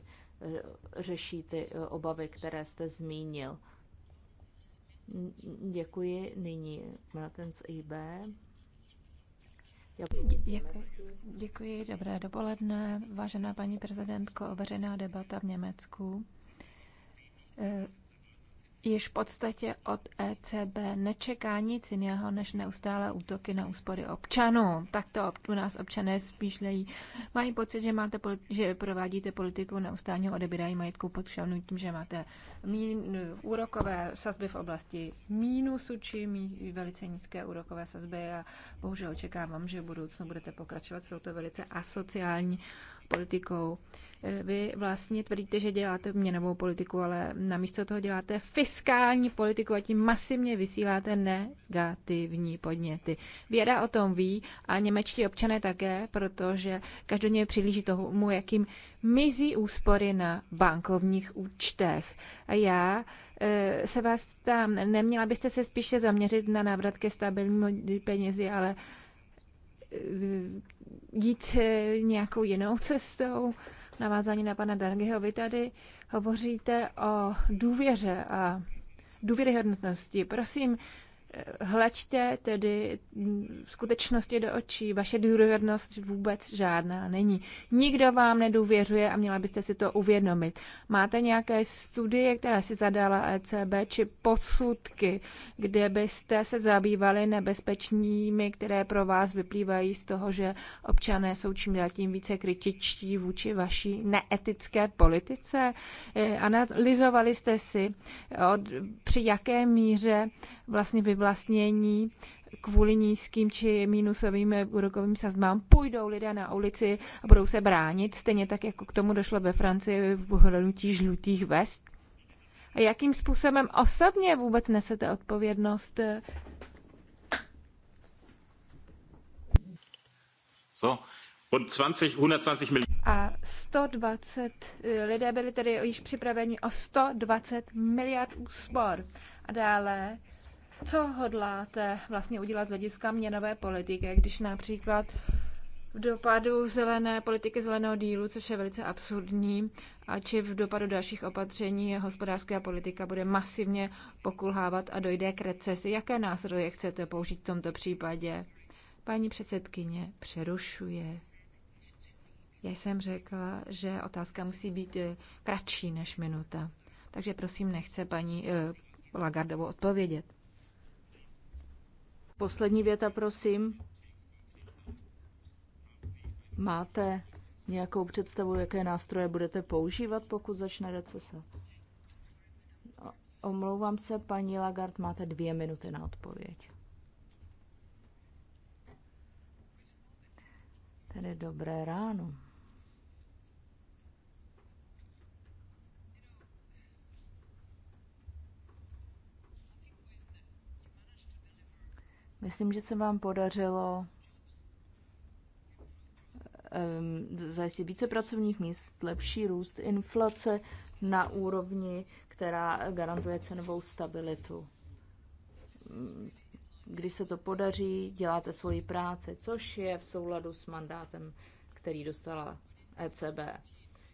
řeší ty obavy, které jste zmínil. Děkuji. Nyní Milton z IB. Děkuji. Děkuji, dobré dopoledne. Vážená paní prezidentko, veřejná debata v Německu eh, již v podstatě od ECB nečeká nic jiného než neustále útoky na úspory občanů. Tak to u nás občané lejí. Mají pocit, že, máte, že provádíte politiku neustále odebírání majetku pod tím, že máte mín, úrokové sazby v oblasti mínusu či mí, velice nízké úrokové sazby a bohužel očekávám, že v budoucnu budete pokračovat Jsou to velice asociální uh, politikou. E, vy vlastně tvrdíte, že děláte měnovou politiku, ale namísto toho děláte fiskální politiku a tím masivně vysíláte negativní podněty. Věda o tom ví a němečtí občané také, protože každodenně přihlíží tomu, jakým mizí úspory na bankovních účtech. A já e, se vás ptám, neměla byste se spíše zaměřit na návrat ke stabilnímu penězi, ale Eh, jít eh, nějakou jinou cestou. Navázání na pana Dangeho, vy tady hovoříte o důvěře a důvěryhodnosti. Prosím, hlačte tedy skutečnosti do očí, vaše důvěrnost vůbec žádná není. Nikdo vám nedůvěřuje a měla byste si to uvědomit. Máte nějaké studie, které si zadala ECB, či podsudky, kde byste se zabývali nebezpečními, které pro vás vyplývají z toho, že občané jsou čím dál tím více kritičtí vůči vaší neetické politice? E, analyzovali jste si, od, při jaké míře vlastně vyvlastnění kvůli nízkým či mínusovým úrokovým sazbám půjdou lidé na ulici a budou se bránit, stejně tak, jako k tomu došlo ve Francii v hlednutí žlutých vest. A jakým způsobem osobně vůbec nesete odpovědnost? So, und 20, 120 milionů. A 120 eh, lidé byli tedy již připraveni o 120 miliard úspor. A dále co hodláte vlastně udělat z hlediska měnové politiky, když například v dopadu zelené politiky zeleného dílu, což je velice absurdní, a či v dopadu dalších opatření hospodářská politika bude masivně pokulhávat a dojde k recesi. Jaké nástroje chcete použít v tomto případě? Paní předsedkyně přerušuje. Já jsem řekla, že otázka musí být eh, kratší než minuta. Takže prosím, nechce paní eh, Lagardovou odpovědět. Poslední věta, prosím. Máte nějakou představu, jaké nástroje budete používat, pokud začne recese? Omlouvám se, paní Lagard, máte dvě minuty na odpověď. Tedy dobré ráno. Myslím, že se vám podařilo um, zajistit více pracovních míst, lepší růst, inflace na úrovni, která garantuje cenovou stabilitu. Když se to podaří, děláte svoji práci, což je v souladu s mandátem, který dostala ECB.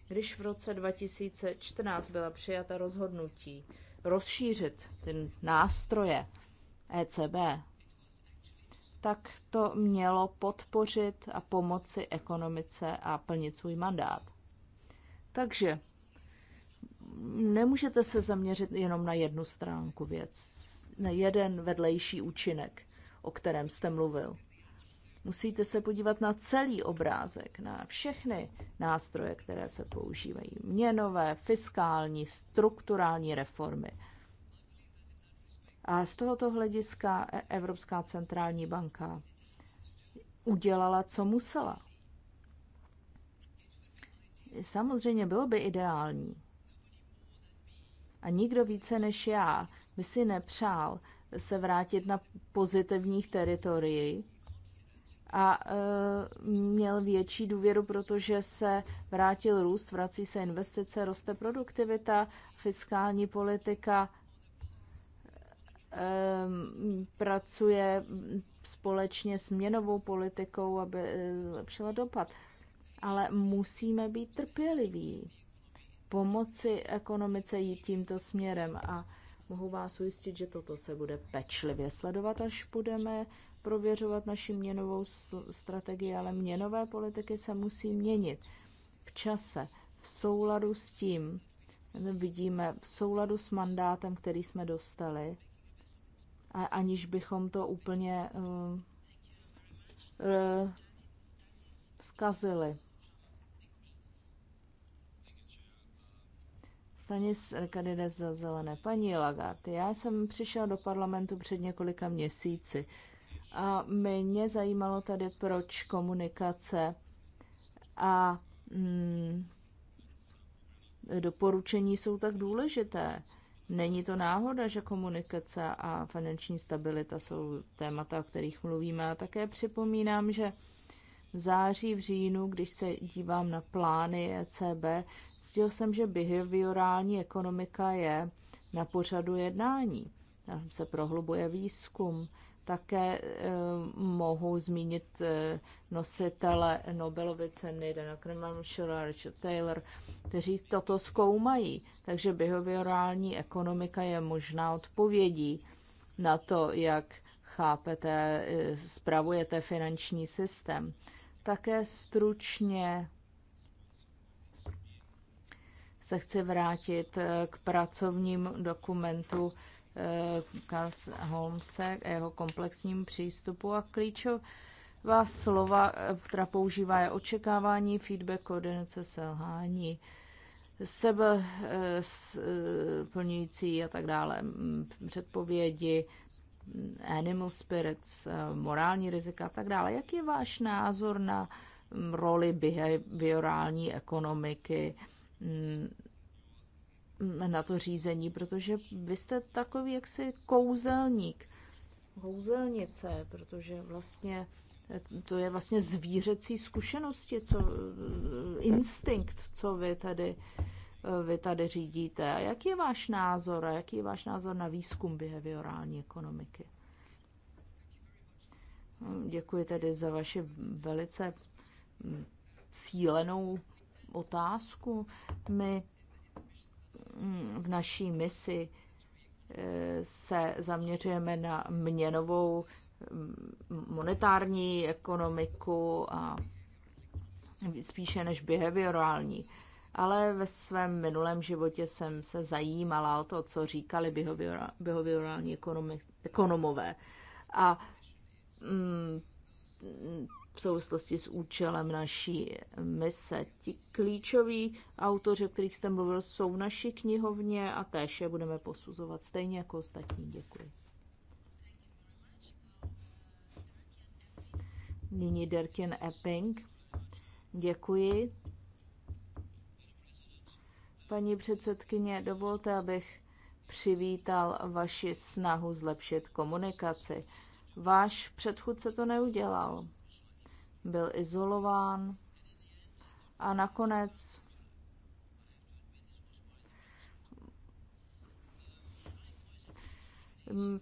Když v roce 2014 byla přijata rozhodnutí rozšířit ty nástroje ECB, tak to mělo podpořit a pomoci ekonomice a plnit svůj mandát. Takže nemůžete se zaměřit jenom na jednu stránku věc, na jeden vedlejší účinek, o kterém jste mluvil. Musíte se podívat na celý obrázek, na všechny nástroje, které se používají. Měnové, fiskální, strukturální reformy – a z tohoto hlediska e- Evropská centrální banka udělala, co musela. Samozřejmě bylo by ideální. A nikdo více než já by si nepřál se vrátit na pozitivních teritorií a e, měl větší důvěru, protože se vrátil růst, vrací se investice, roste produktivita, fiskální politika pracuje společně s měnovou politikou, aby eh, zlepšila dopad. Ale musíme být trpěliví, pomoci ekonomice jít tímto směrem a mohu vás ujistit, že toto se bude pečlivě sledovat, až budeme prověřovat naši měnovou strategii, ale měnové politiky se musí měnit v čase, v souladu s tím, vidíme v souladu s mandátem, který jsme dostali aniž bychom to úplně eh, eh, zkazili. Stanis Kadidev za zelené. Paní Lagarde, já jsem přišel do parlamentu před několika měsíci a mě zajímalo tady, proč komunikace a mm, doporučení jsou tak důležité. Není to náhoda, že komunikace a finanční stabilita jsou témata, o kterých mluvíme. A také připomínám, že v září, v říjnu, když se dívám na plány ECB, zjistil jsem, že behaviorální ekonomika je na pořadu jednání. Tam se prohlubuje výzkum, také eh, mohu zmínit eh, nositele Nobelovy ceny Dana Kremlman, Schiller, Richard Taylor, kteří toto zkoumají. Takže behaviorální ekonomika je možná odpovědí na to, jak chápete, eh, spravujete finanční systém. Také stručně se chci vrátit k pracovním dokumentu Eh, Karls Holmse a jeho komplexním přístupu a klíčová slova, eh, která používá, je očekávání, feedback, koordinace, selhání, sebe eh, plňující a tak dále, mm, předpovědi, mm, animal spirits, morální rizika a tak dále. Jak je váš názor na mm, roli behaviorální ekonomiky na to řízení, protože vy jste takový jaksi kouzelník, kouzelnice, protože vlastně to je vlastně zvířecí zkušenosti, co, instinkt, co vy tady, vy tady řídíte. A jaký je váš názor a jaký je váš názor na výzkum behaviorální ekonomiky? Děkuji tedy za vaši velice mm, cílenou otázku. My v naší misi eh, se zaměřujeme na měnovou mm, monetární ekonomiku a spíše než behaviorální. Ale ve svém minulém životě jsem se zajímala o to, co říkali behaviorální ekonomi, ekonomové. A mm, v souvislosti s účelem naší mise. Ti klíčoví autoři, o kterých jste mluvil, jsou v naší knihovně a též je budeme posuzovat stejně jako ostatní. Děkuji. Nyní Derkin Epping. Děkuji. Paní předsedkyně, dovolte, abych přivítal vaši snahu zlepšit komunikaci. Váš předchůdce to neudělal byl izolován a nakonec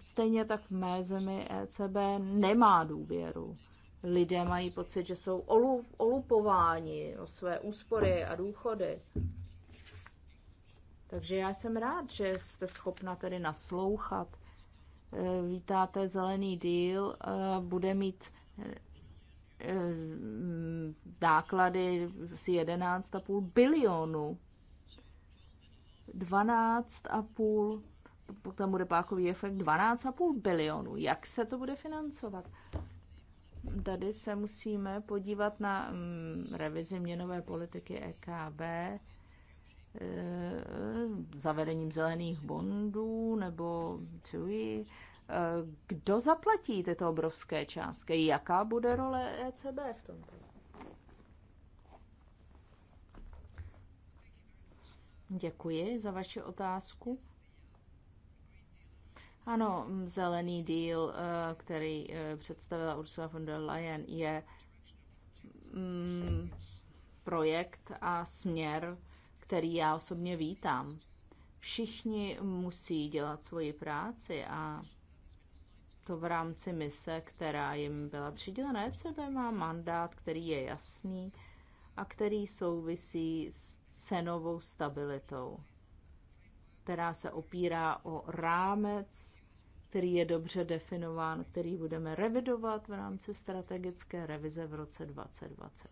Stejně tak v mé zemi ECB nemá důvěru. Lidé mají pocit, že jsou olupováni o své úspory a důchody. Takže já jsem rád, že jste schopna tedy naslouchat. E, vítáte zelený díl, bude mít náklady si 11,5 bilionu. 12,5, pokud tam bude pákový efekt, 12,5 bilionů. Jak se to bude financovat? Tady se musíme podívat na mm, revizi měnové politiky EKB, e, eh, zavedením zelených bondů nebo TUI, Eh, kdo zaplatí tyto obrovské částky? Jaká bude role ECB v tomto? Děkuji za vaši otázku. Ano, zelený díl, eh, který eh, představila Ursula von der Leyen, je mm, projekt a směr, který já osobně vítám. Všichni musí dělat svoji práci a to v rámci mise, která jim byla přidělena. ECB má mandát, který je jasný a který souvisí s cenovou stabilitou, která se opírá o rámec, který je dobře definován, který budeme revidovat v rámci strategické revize v roce 2020.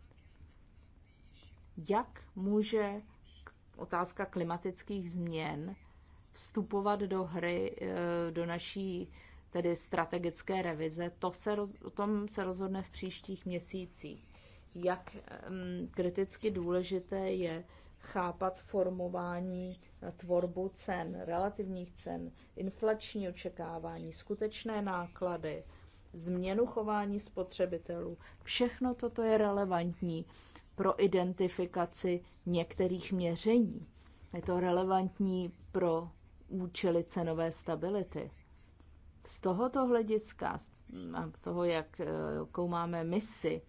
Jak může otázka klimatických změn vstupovat do hry, eh, do naší tedy strategické revize, to se, o tom se rozhodne v příštích měsících. Jak mm, kriticky důležité je chápat formování eh, tvorbu cen, relativních cen, inflační očekávání, skutečné náklady, změnu chování spotřebitelů. Všechno toto je relevantní pro identifikaci některých měření. Je to relevantní pro účely cenové stability. Z tohoto hlediska, z toho, jak, e, koumáme máme misi,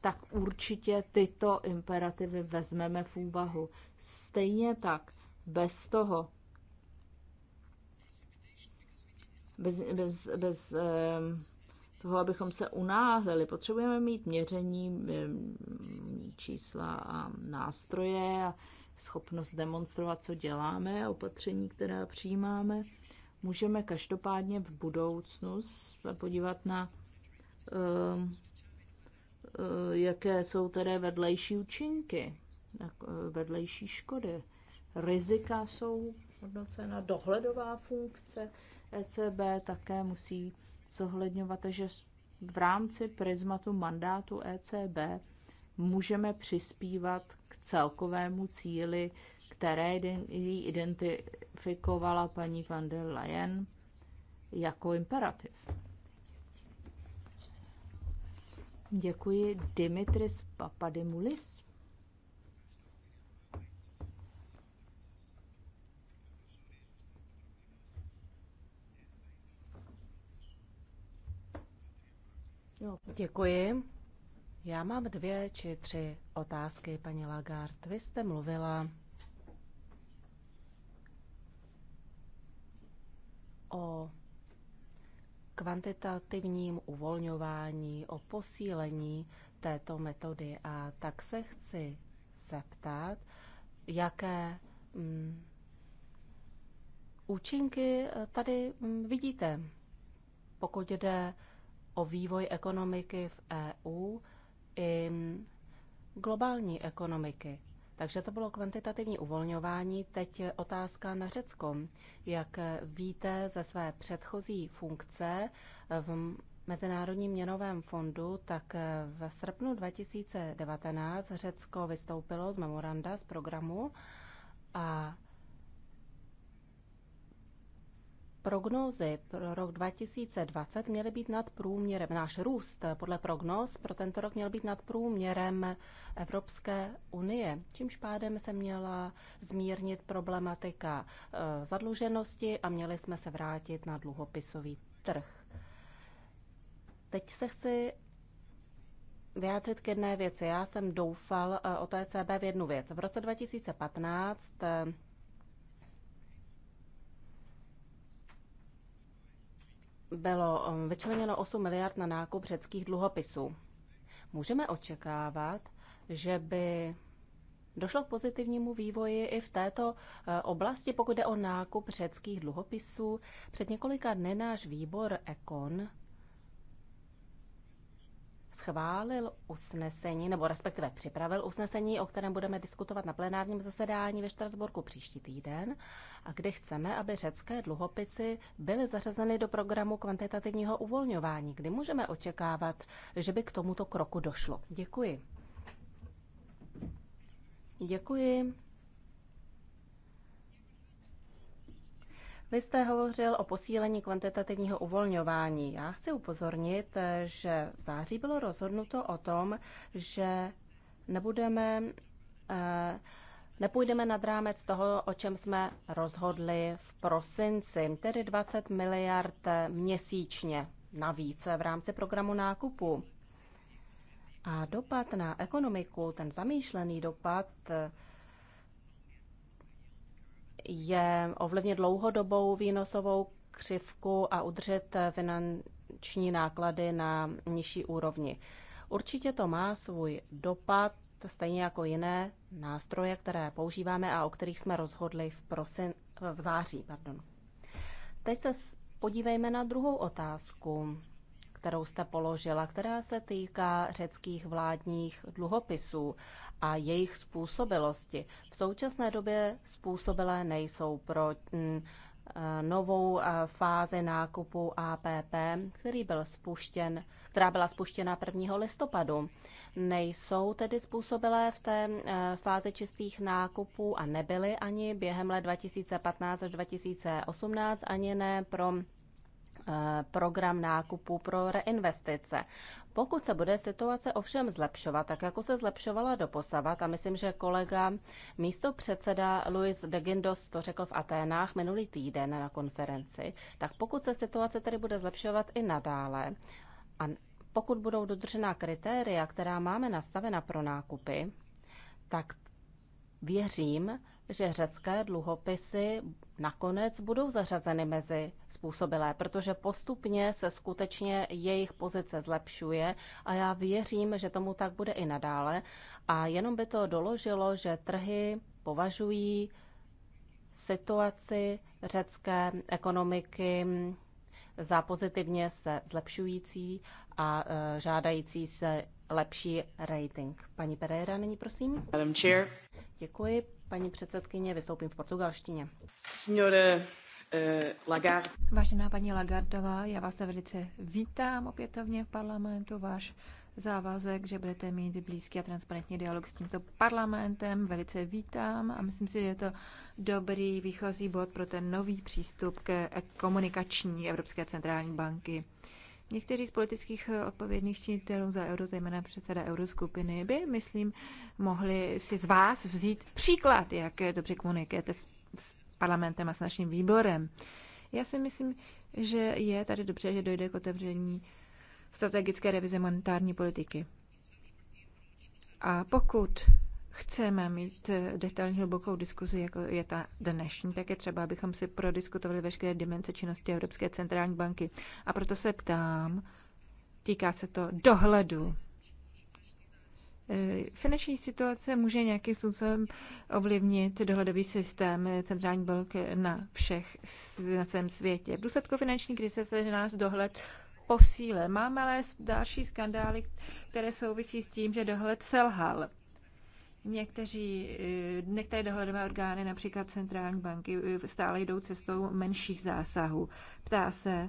tak určitě tyto imperativy vezmeme v úvahu. Stejně tak, bez toho, bez, bez, bez e, toho, abychom se unáhlili, potřebujeme mít měření e, čísla a nástroje a schopnost demonstrovat, co děláme, opatření, která přijímáme. Můžeme každopádně v budoucnu se podívat na, ehm, eh, jaké jsou tedy vedlejší účinky, eh, vedlejší škody. Rizika jsou hodnocena, dohledová funkce ECB také musí zohledňovat, že v rámci prismatu mandátu ECB můžeme přispívat k celkovému cíli které ji identifikovala paní van der Leyen jako imperativ. Děkuji Dimitris Papadimulis. Děkuji. Já mám dvě či tři otázky, paní Lagarde. Vy jste mluvila o kvantitativním uvolňování, o posílení této metody. A tak se chci zeptat, jaké mm, účinky eh, tady mm, vidíte, pokud jde o vývoj ekonomiky v EU i mm, globální ekonomiky. Takže to bylo kvantitativní uvolňování. Teď otázka na Řecko. Jak víte ze své předchozí funkce v Mezinárodním měnovém fondu, tak v srpnu 2019 Řecko vystoupilo z memoranda z programu a prognózy pro rok 2020 měly být nad průměrem. Náš růst podle prognóz pro tento rok měl být nad průměrem Evropské unie, čímž pádem se měla zmírnit problematika e, zadluženosti a měli jsme se vrátit na dluhopisový trh. Teď se chci vyjádřit k jedné věci. Já jsem doufal e, o TCB v jednu věc. V roce 2015 bylo um, vyčleněno 8 miliard na nákup řeckých dluhopisů. Můžeme očekávat, že by došlo k pozitivnímu vývoji i v této uh, oblasti, pokud jde o nákup řeckých dluhopisů. Před několika dny náš výbor Ekon schválil usnesení, nebo respektive připravil usnesení, o kterém budeme diskutovat na plenárním zasedání ve Štrasburku příští týden, a kde chceme, aby řecké dluhopisy byly zařazeny do programu kvantitativního uvolňování. Kdy můžeme očekávat, že by k tomuto kroku došlo? Děkuji. Děkuji. Vy jste hovořil o posílení kvantitativního uvolňování. Já chci upozornit, že v září bylo rozhodnuto o tom, že nebudeme. Eh, nepůjdeme nad rámec toho, o čem jsme rozhodli v prosinci, tedy 20 miliard eh, měsíčně navíc v rámci programu nákupu. A dopad na ekonomiku, ten zamýšlený dopad, eh, je ovlivnit dlouhodobou výnosovou křivku a udržet finanční náklady na nižší úrovni. Určitě to má svůj dopad, stejně jako jiné nástroje, které používáme a o kterých jsme rozhodli v, prosin, v září. Pardon. Teď se podívejme na druhou otázku kterou jste položila, která se týká řeckých vládních dluhopisů a jejich způsobilosti. V současné době způsobilé nejsou pro mm, eh, novou eh, fázi nákupu APP, který byl spuštěn, která byla spuštěna 1. listopadu. Nejsou tedy způsobilé v té eh, fázi čistých nákupů a nebyly ani během let 2015 až 2018, ani ne pro Eh, program nákupů pro reinvestice. Pokud se bude situace ovšem zlepšovat, tak jako se zlepšovala doposavat, a myslím, že kolega místo předseda Luis de Guindos to řekl v Aténách minulý týden na konferenci, tak pokud se situace tedy bude zlepšovat i nadále, a pokud budou dodržená kritéria, která máme nastavena pro nákupy, tak věřím, že řecké dluhopisy nakonec budou zařazeny mezi způsobilé, protože postupně se skutečně jejich pozice zlepšuje a já věřím, že tomu tak bude i nadále. A jenom by to doložilo, že trhy považují situaci řecké ekonomiky za pozitivně se zlepšující a e, žádající se lepší rating. Paní Pereira, nyní prosím. Madam Chair. Děkuji, paní předsedkyně, vystoupím v portugalštině. Signore eh, Lagarde. Vážená paní Lagardová, já vás velice vítám opětovně v parlamentu. Váš závazek, že budete mít blízký a transparentní dialog s tímto parlamentem, velice vítám a myslím si, že je to dobrý výchozí bod pro ten nový přístup ke komunikační Evropské centrální banky. Někteří z politických eh, odpovědných činitelů za euro, zejména předseda euroskupiny, by, myslím, mohli si z vás vzít příklad, jak dobře komunikujete s, s parlamentem a s naším výborem. Já si myslím, že je tady dobře, že dojde k otevření strategické revize monetární politiky. A pokud chceme mít eh, detailní hlubokou diskuzi, jako je ta dnešní, tak je třeba, abychom si prodiskutovali veškeré dimenze činnosti Evropské centrální banky. A proto se ptám, týká se to dohledu. Eh, finanční situace může nějakým způsobem ovlivnit dohledový systém eh, centrální banky na všech, na celém světě. V důsledku finanční krize se nás dohled posíle. Máme ale další skandály, které souvisí s tím, že dohled selhal. Někteří, eh, některé dohledové orgány, například centrální banky, eh, stále jdou cestou menších zásahů. Ptá se,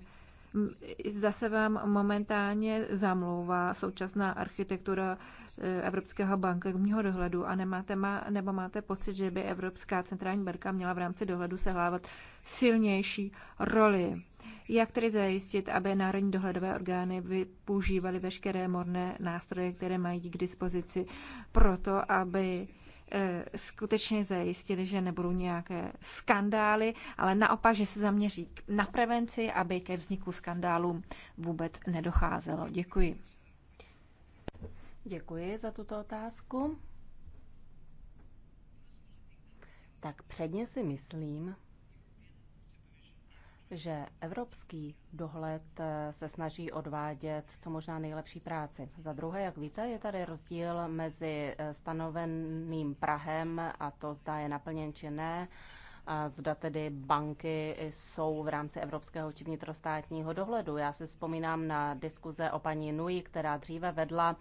mm, Zase vám momentálně zamlouvá současná architektura eh, Evropského bankovního dohledu a nemáte má, nebo máte pocit, že by Evropská centrální banka měla v rámci dohledu sehlávat silnější roli. Jak tedy zajistit, aby národní dohledové orgány používaly veškeré morné nástroje, které mají k dispozici, proto aby eh, skutečně zajistili, že nebudou nějaké skandály, ale naopak, že se zaměří na prevenci, aby ke vzniku skandálů vůbec nedocházelo. Děkuji. Děkuji za tuto otázku. Tak předně si myslím, že evropský dohled eh, se snaží odvádět co možná nejlepší práci. Za druhé, jak víte, je tady rozdíl mezi eh, stanoveným Prahem a to zda je naplněn či ne, a zda tedy banky jsou v rámci evropského či vnitrostátního dohledu. Já si vzpomínám na diskuze o paní Nui, která dříve vedla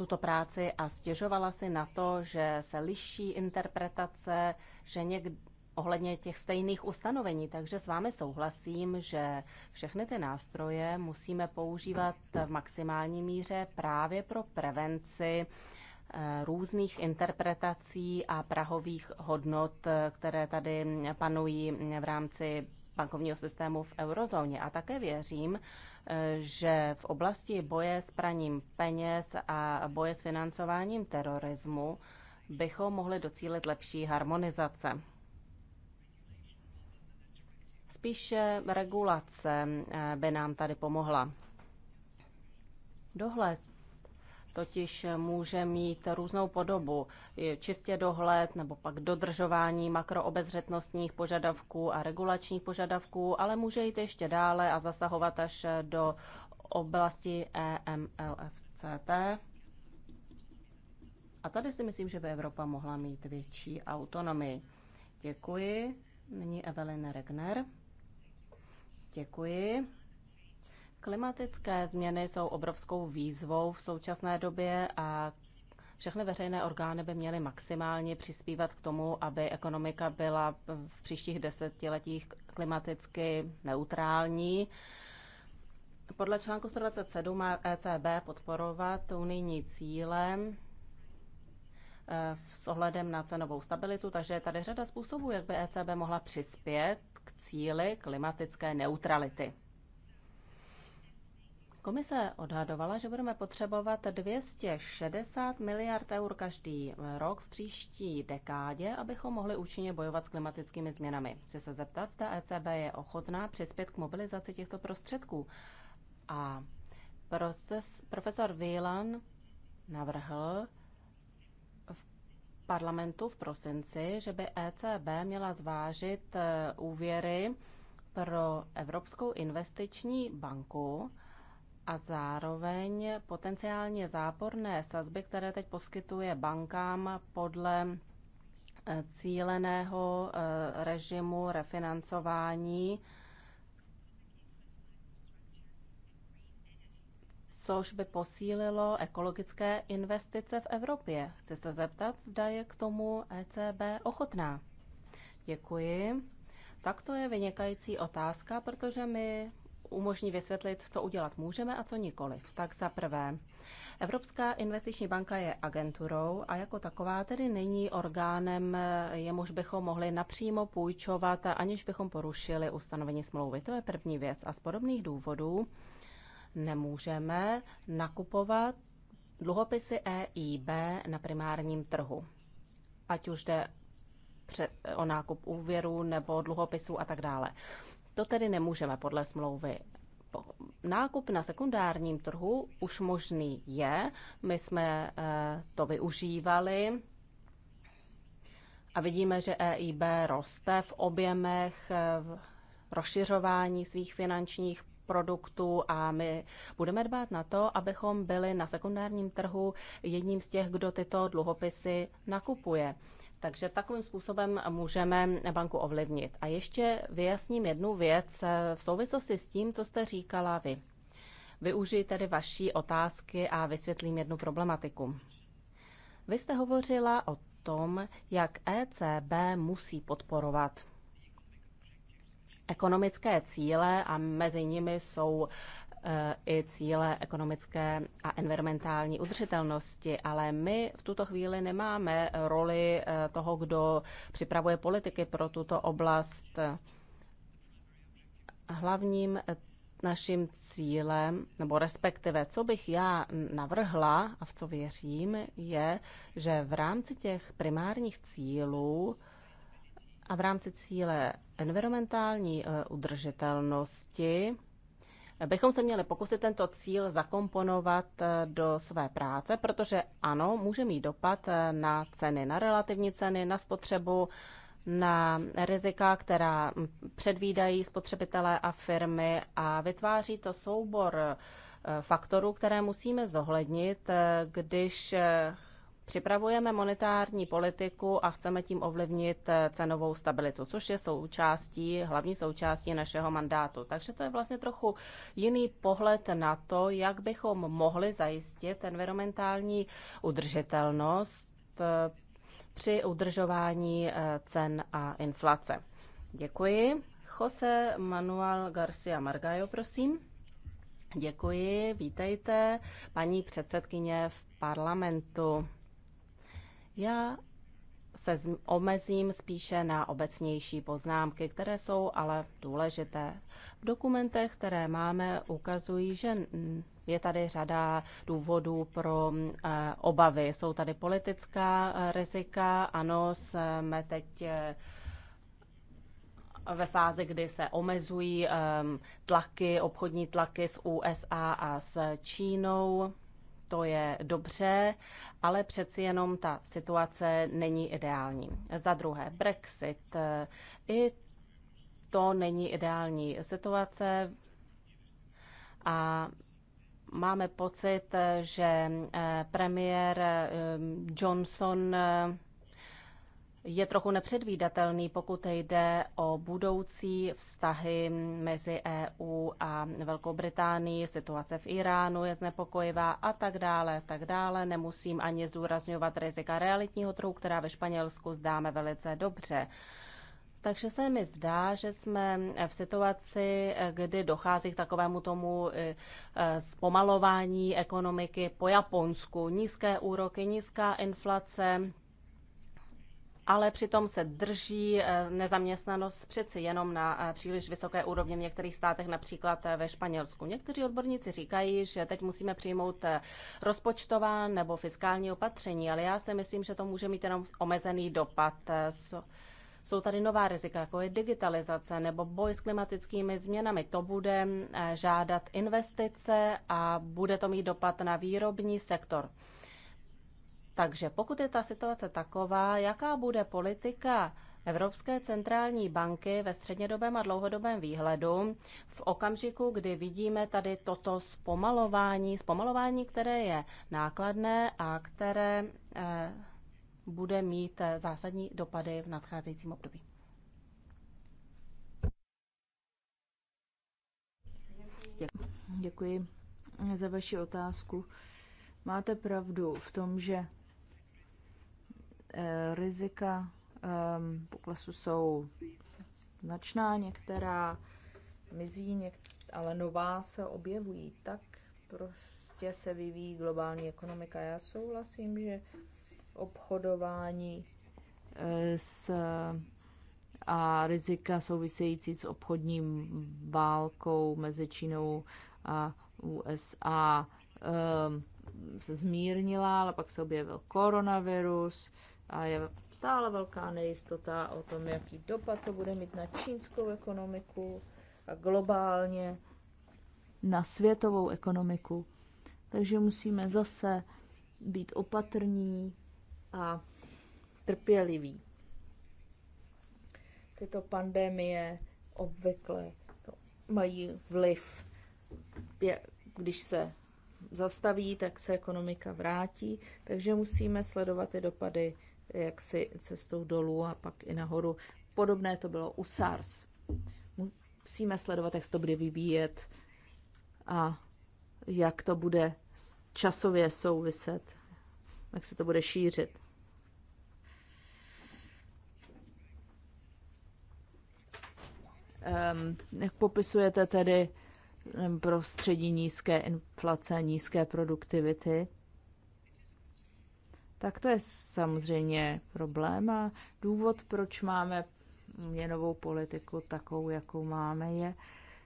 tuto práci a stěžovala si na to, že se liší interpretace, že někdy ohledně těch stejných ustanovení. Takže s vámi souhlasím, že všechny ty nástroje musíme používat v maximální míře právě pro prevenci eh, různých interpretací a prahových hodnot, eh, které tady panují v rámci bankovního systému v eurozóně. A také věřím, že v oblasti boje s praním peněz a boje s financováním terorismu bychom mohli docílit lepší harmonizace. Spíše regulace by nám tady pomohla. Dohled totiž může mít různou podobu. Čistě dohled nebo pak dodržování makroobezřetnostních požadavků a regulačních požadavků, ale může jít ještě dále a zasahovat až do oblasti EMLFCT. A tady si myslím, že by Evropa mohla mít větší autonomii. Děkuji. Nyní Evelyn Regner. Děkuji. Klimatické změny jsou obrovskou výzvou v současné době a všechny veřejné orgány by měly maximálně přispívat k tomu, aby ekonomika byla v příštích desetiletích klimaticky neutrální. Podle článku 127 má ECB podporovat unijní cíle eh, s ohledem na cenovou stabilitu, takže je tady řada způsobů, jak by ECB mohla přispět k cíli klimatické neutrality. Komise odhadovala, že budeme potřebovat 260 miliard eur každý rok v příští dekádě, abychom mohli účinně bojovat s klimatickými změnami. Chci se zeptat, zda ECB je ochotná přispět k mobilizaci těchto prostředků. A proces, profesor Vílan navrhl v parlamentu v prosinci, že by ECB měla zvážit eh, úvěry pro Evropskou investiční banku a zároveň potenciálně záporné sazby, které teď poskytuje bankám podle eh, cíleného eh, režimu refinancování, což by posílilo ekologické investice v Evropě. Chci se zeptat, zda je k tomu ECB ochotná. Děkuji. Tak to je vynikající otázka, protože my umožní vysvětlit, co udělat můžeme a co nikoliv. Tak za prvé, Evropská investiční banka je agenturou a jako taková tedy není orgánem, jemuž bychom mohli napřímo půjčovat, aniž bychom porušili ustanovení smlouvy. To je první věc. A z podobných důvodů nemůžeme nakupovat dluhopisy EIB na primárním trhu. Ať už jde o nákup úvěru nebo dluhopisů a tak dále. To tedy nemůžeme podle smlouvy. Nákup na sekundárním trhu už možný je, my jsme eh, to využívali a vidíme, že EIB roste v objemech, eh, v rozšiřování svých finančních produktů a my budeme dbát na to, abychom byli na sekundárním trhu jedním z těch, kdo tyto dluhopisy nakupuje. Takže takovým způsobem můžeme banku ovlivnit. A ještě vyjasním jednu věc v souvislosti s tím, co jste říkala vy. Využiji tedy vaší otázky a vysvětlím jednu problematiku. Vy jste hovořila o tom, jak ECB musí podporovat ekonomické cíle a mezi nimi jsou i cíle ekonomické a environmentální udržitelnosti, ale my v tuto chvíli nemáme roli eh, toho, kdo připravuje politiky pro tuto oblast. Hlavním eh, naším cílem, nebo respektive, co bych já navrhla a v co věřím, je, že v rámci těch primárních cílů a v rámci cíle environmentální eh, udržitelnosti bychom se měli pokusit tento cíl zakomponovat eh, do své práce, protože ano, může mít dopad eh, na ceny, na relativní ceny, na spotřebu, na rizika, která hm, předvídají spotřebitelé a firmy a vytváří to soubor eh, faktorů, které musíme zohlednit, když Připravujeme monetární politiku a chceme tím ovlivnit eh, cenovou stabilitu, což je součástí, hlavní součástí našeho mandátu. Takže to je vlastně trochu jiný pohled na to, jak bychom mohli zajistit environmentální udržitelnost eh, při udržování eh, cen a inflace. Děkuji. Jose Manuel Garcia Margallo, prosím. Děkuji, vítejte, paní předsedkyně v parlamentu. Já se omezím spíše na obecnější poznámky, které jsou ale důležité. V dokumentech, které máme, ukazují, že je tady řada důvodů pro eh, obavy. Jsou tady politická eh, rizika, ano, jsme teď eh, ve fázi, kdy se omezují ehm, tlaky, obchodní tlaky s USA a s Čínou to je dobře, ale přeci jenom ta situace není ideální. Za druhé, Brexit. I to není ideální situace a máme pocit, že eh, premiér eh, Johnson eh, je trochu nepředvídatelný, pokud jde o budoucí vztahy mezi EU a Velkou Británií. Situace v Iránu je znepokojivá a tak dále, tak dále. Nemusím ani zúrazňovat rizika realitního trhu, která ve Španělsku zdáme velice dobře. Takže se mi zdá, že jsme v situaci, kdy dochází k takovému tomu eh, eh, zpomalování ekonomiky po Japonsku. Nízké úroky, nízká inflace, ale přitom se drží eh, nezaměstnanost přeci jenom na eh, příliš vysoké úrovni v některých státech, například eh, ve Španělsku. Někteří odborníci říkají, že teď musíme přijmout rozpočtová nebo fiskální opatření, ale já si myslím, že to může mít jenom omezený dopad. Jsou tady nová rizika, jako je digitalizace nebo boj s klimatickými změnami. To bude žádat investice a bude to mít dopad na výrobní sektor. Takže pokud je ta situace taková, jaká bude politika Evropské centrální banky ve střednědobém a dlouhodobém výhledu v okamžiku, kdy vidíme tady toto zpomalování, zpomalování, které je nákladné a které eh, bude mít eh, zásadní dopady v nadcházejícím období. Děkuji za vaši otázku. Máte pravdu v tom, že Eh, rizika ehm, poklesu jsou značná, některá mizí, některá, ale nová se objevují. Tak prostě se vyvíjí globální ekonomika. Já souhlasím, že obchodování eh, s a rizika související s obchodním válkou mezi Čínou a USA ehm, se zmírnila, ale pak se objevil koronavirus, a je stále velká nejistota o tom, jaký dopad to bude mít na čínskou ekonomiku a globálně na světovou ekonomiku. Takže musíme zase být opatrní a trpěliví. Tyto pandemie obvykle mají vliv. Když se zastaví, tak se ekonomika vrátí, takže musíme sledovat ty dopady jaksi cestou dolů a pak i nahoru. Podobné to bylo u SARS. Musíme sledovat, jak se to bude vyvíjet a jak to bude časově souviset, jak se to bude šířit. Um, jak popisujete tedy ehm, prostředí nízké inflace, nízké produktivity? tak to je samozřejmě problém a důvod, proč máme měnovou politiku takovou, jakou máme, je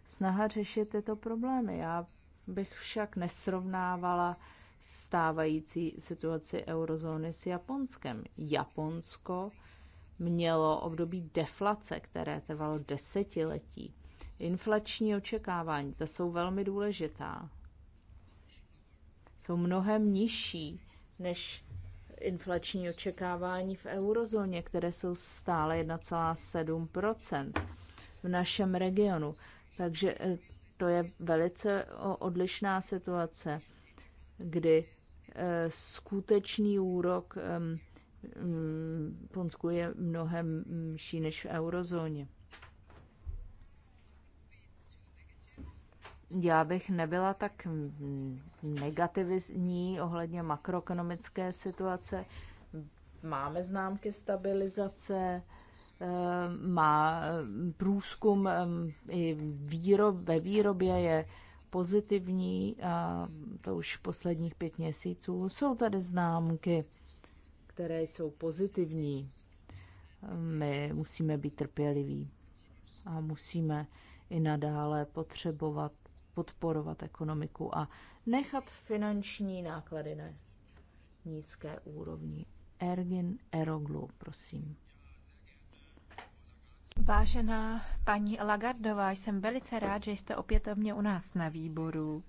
snaha řešit tyto problémy. Já bych však nesrovnávala stávající situaci eurozóny s Japonskem. Japonsko mělo období deflace, které trvalo desetiletí. Inflační očekávání, ta jsou velmi důležitá. Jsou mnohem nižší než inflační očekávání v eurozóně, které jsou stále 1,7 v našem regionu. Takže eh, to je velice odlišná situace, kdy eh, skutečný úrok v mm, Ponsku je mnohem mm, nižší než v eurozóně. já bych nebyla tak negativní ohledně makroekonomické situace. Máme známky stabilizace, eh, má průzkum eh, i výrob, ve výrobě je pozitivní, a to už posledních pět měsíců. Jsou tady známky, které jsou pozitivní. My musíme být trpěliví a musíme i nadále potřebovat podporovat ekonomiku a nechat finanční náklady na nízké úrovni. Ergin Eroglu, prosím. Vážená paní Lagardová, jsem velice rád, že jste opětovně u nás na výboru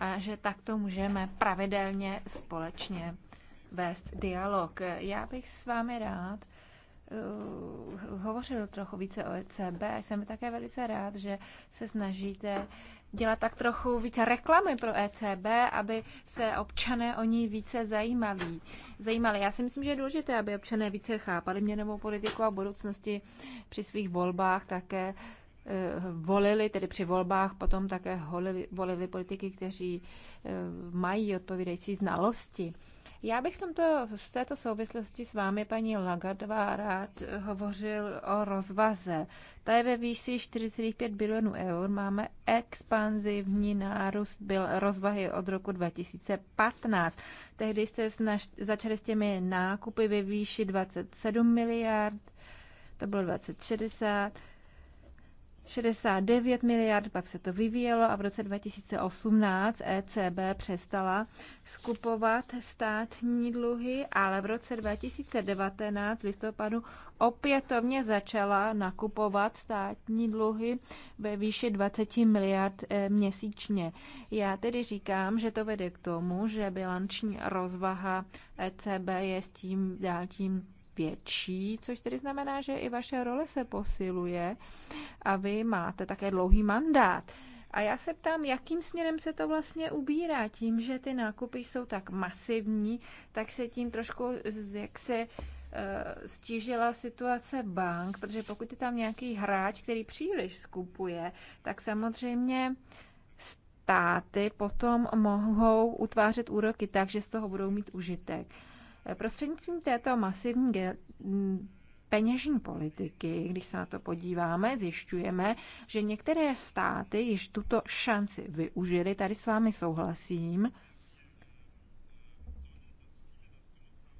a že takto můžeme pravidelně společně vést dialog. Já bych s vámi rád uh, hovořil trochu více o ECB. Jsem také velice rád, že se snažíte dělat tak trochu více reklamy pro ECB, aby se občané o ní více zajímali. zajímali. Já si myslím, že je důležité, aby občané více chápali měnovou politiku a budoucnosti při svých volbách také eh, volili, tedy při volbách potom také holili, volili politiky, kteří eh, mají odpovídající znalosti. Já bych v, tomto, v této souvislosti s vámi, paní Lagardová, rád hovořil o rozvaze. Ta je ve výši 4,5 bilionů eur. Máme expanzivní nárůst byl rozvahy od roku 2015. Tehdy jste snaž, začali s těmi nákupy ve výši 27 miliard, to bylo 2060 69 miliard, pak se to vyvíjelo a v roce 2018 ECB přestala skupovat státní dluhy, ale v roce 2019 v listopadu opětovně začala nakupovat státní dluhy ve výši 20 miliard eh, měsíčně. Já tedy říkám, že to vede k tomu, že bilanční rozvaha ECB je s tím dál tím větší, což tedy znamená, že i vaše role se posiluje a vy máte také dlouhý mandát. A já se ptám, jakým směrem se to vlastně ubírá? Tím, že ty nákupy jsou tak masivní, tak se tím trošku, jak se eh, stížila situace bank, protože pokud je tam nějaký hráč, který příliš skupuje, tak samozřejmě státy potom mohou utvářet úroky tak, že z toho budou mít užitek. Prostřednictvím této masivní peněžní politiky, když se na to podíváme, zjišťujeme, že některé státy již tuto šanci využily. Tady s vámi souhlasím.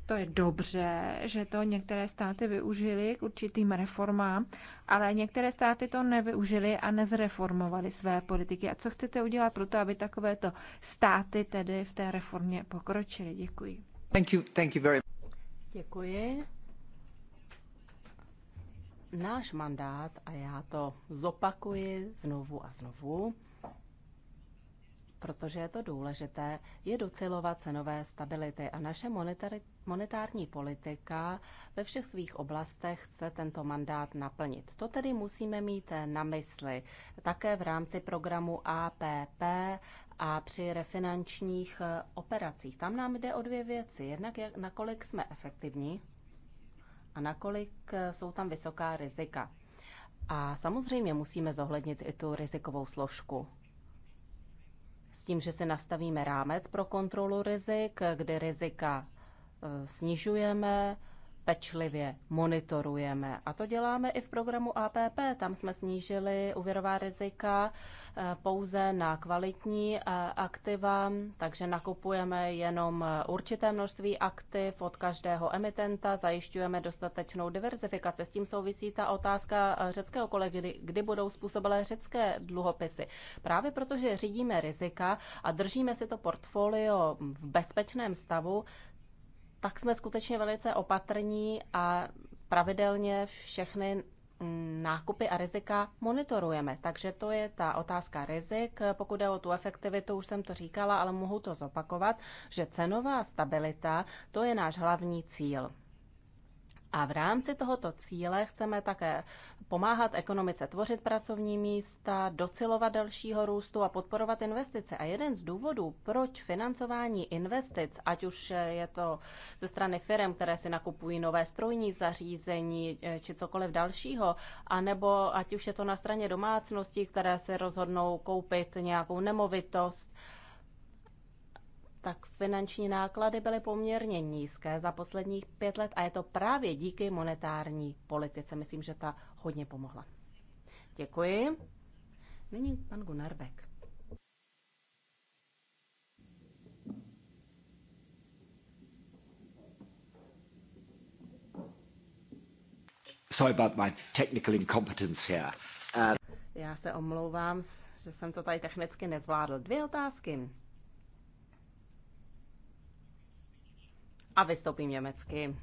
To je dobře, že to některé státy využili k určitým reformám, ale některé státy to nevyužili a nezreformovali své politiky. A co chcete udělat pro to, aby takovéto státy tedy v té reformě pokročily? Děkuji. Děkuji. Náš mandát, a já to zopakuji znovu a znovu, protože je to důležité, je docelovat cenové stability a naše monetární politika ve všech svých oblastech chce tento mandát naplnit. To tedy musíme mít na mysli také v rámci programu APP a při refinančních eh, operacích. Tam nám jde o dvě věci. Jednak, jak, nakolik jsme efektivní a nakolik eh, jsou tam vysoká rizika. A samozřejmě musíme zohlednit i tu rizikovou složku. S tím, že si nastavíme rámec pro kontrolu rizik, eh, kde rizika snižujeme, pečlivě monitorujeme. A to děláme i v programu APP. Tam jsme snížili úvěrová rizika eh, pouze na kvalitní eh, aktiva, takže nakupujeme jenom eh, určité množství aktiv od každého emitenta, zajišťujeme dostatečnou diverzifikaci. S tím souvisí ta otázka řeckého kolegy, kdy, kdy budou způsobilé řecké dluhopisy. Právě protože řídíme rizika a držíme si to portfolio v bezpečném stavu, tak jsme skutečně velice opatrní a pravidelně všechny nákupy a rizika monitorujeme. Takže to je ta otázka rizik. Pokud jde o tu efektivitu, už jsem to říkala, ale mohu to zopakovat, že cenová stabilita, to je náš hlavní cíl. A v rámci tohoto cíle chceme také pomáhat ekonomice tvořit pracovní místa, docilovat dalšího růstu a podporovat investice. A jeden z důvodů, proč financování investic, ať už je to ze strany firm, které si nakupují nové strojní zařízení e, či cokoliv dalšího, anebo ať už je to na straně domácností, které se rozhodnou koupit nějakou nemovitost, tak finanční náklady byly poměrně nízké za posledních pět let a je to právě díky monetární politice. Myslím, že ta hodně pomohla. Děkuji. Nyní pan Gunnar Beck. Sorry about my technical incompetence here. Uh... Já se omlouvám, že jsem to tady technicky nezvládl. Dvě otázky. a vystoupím německy.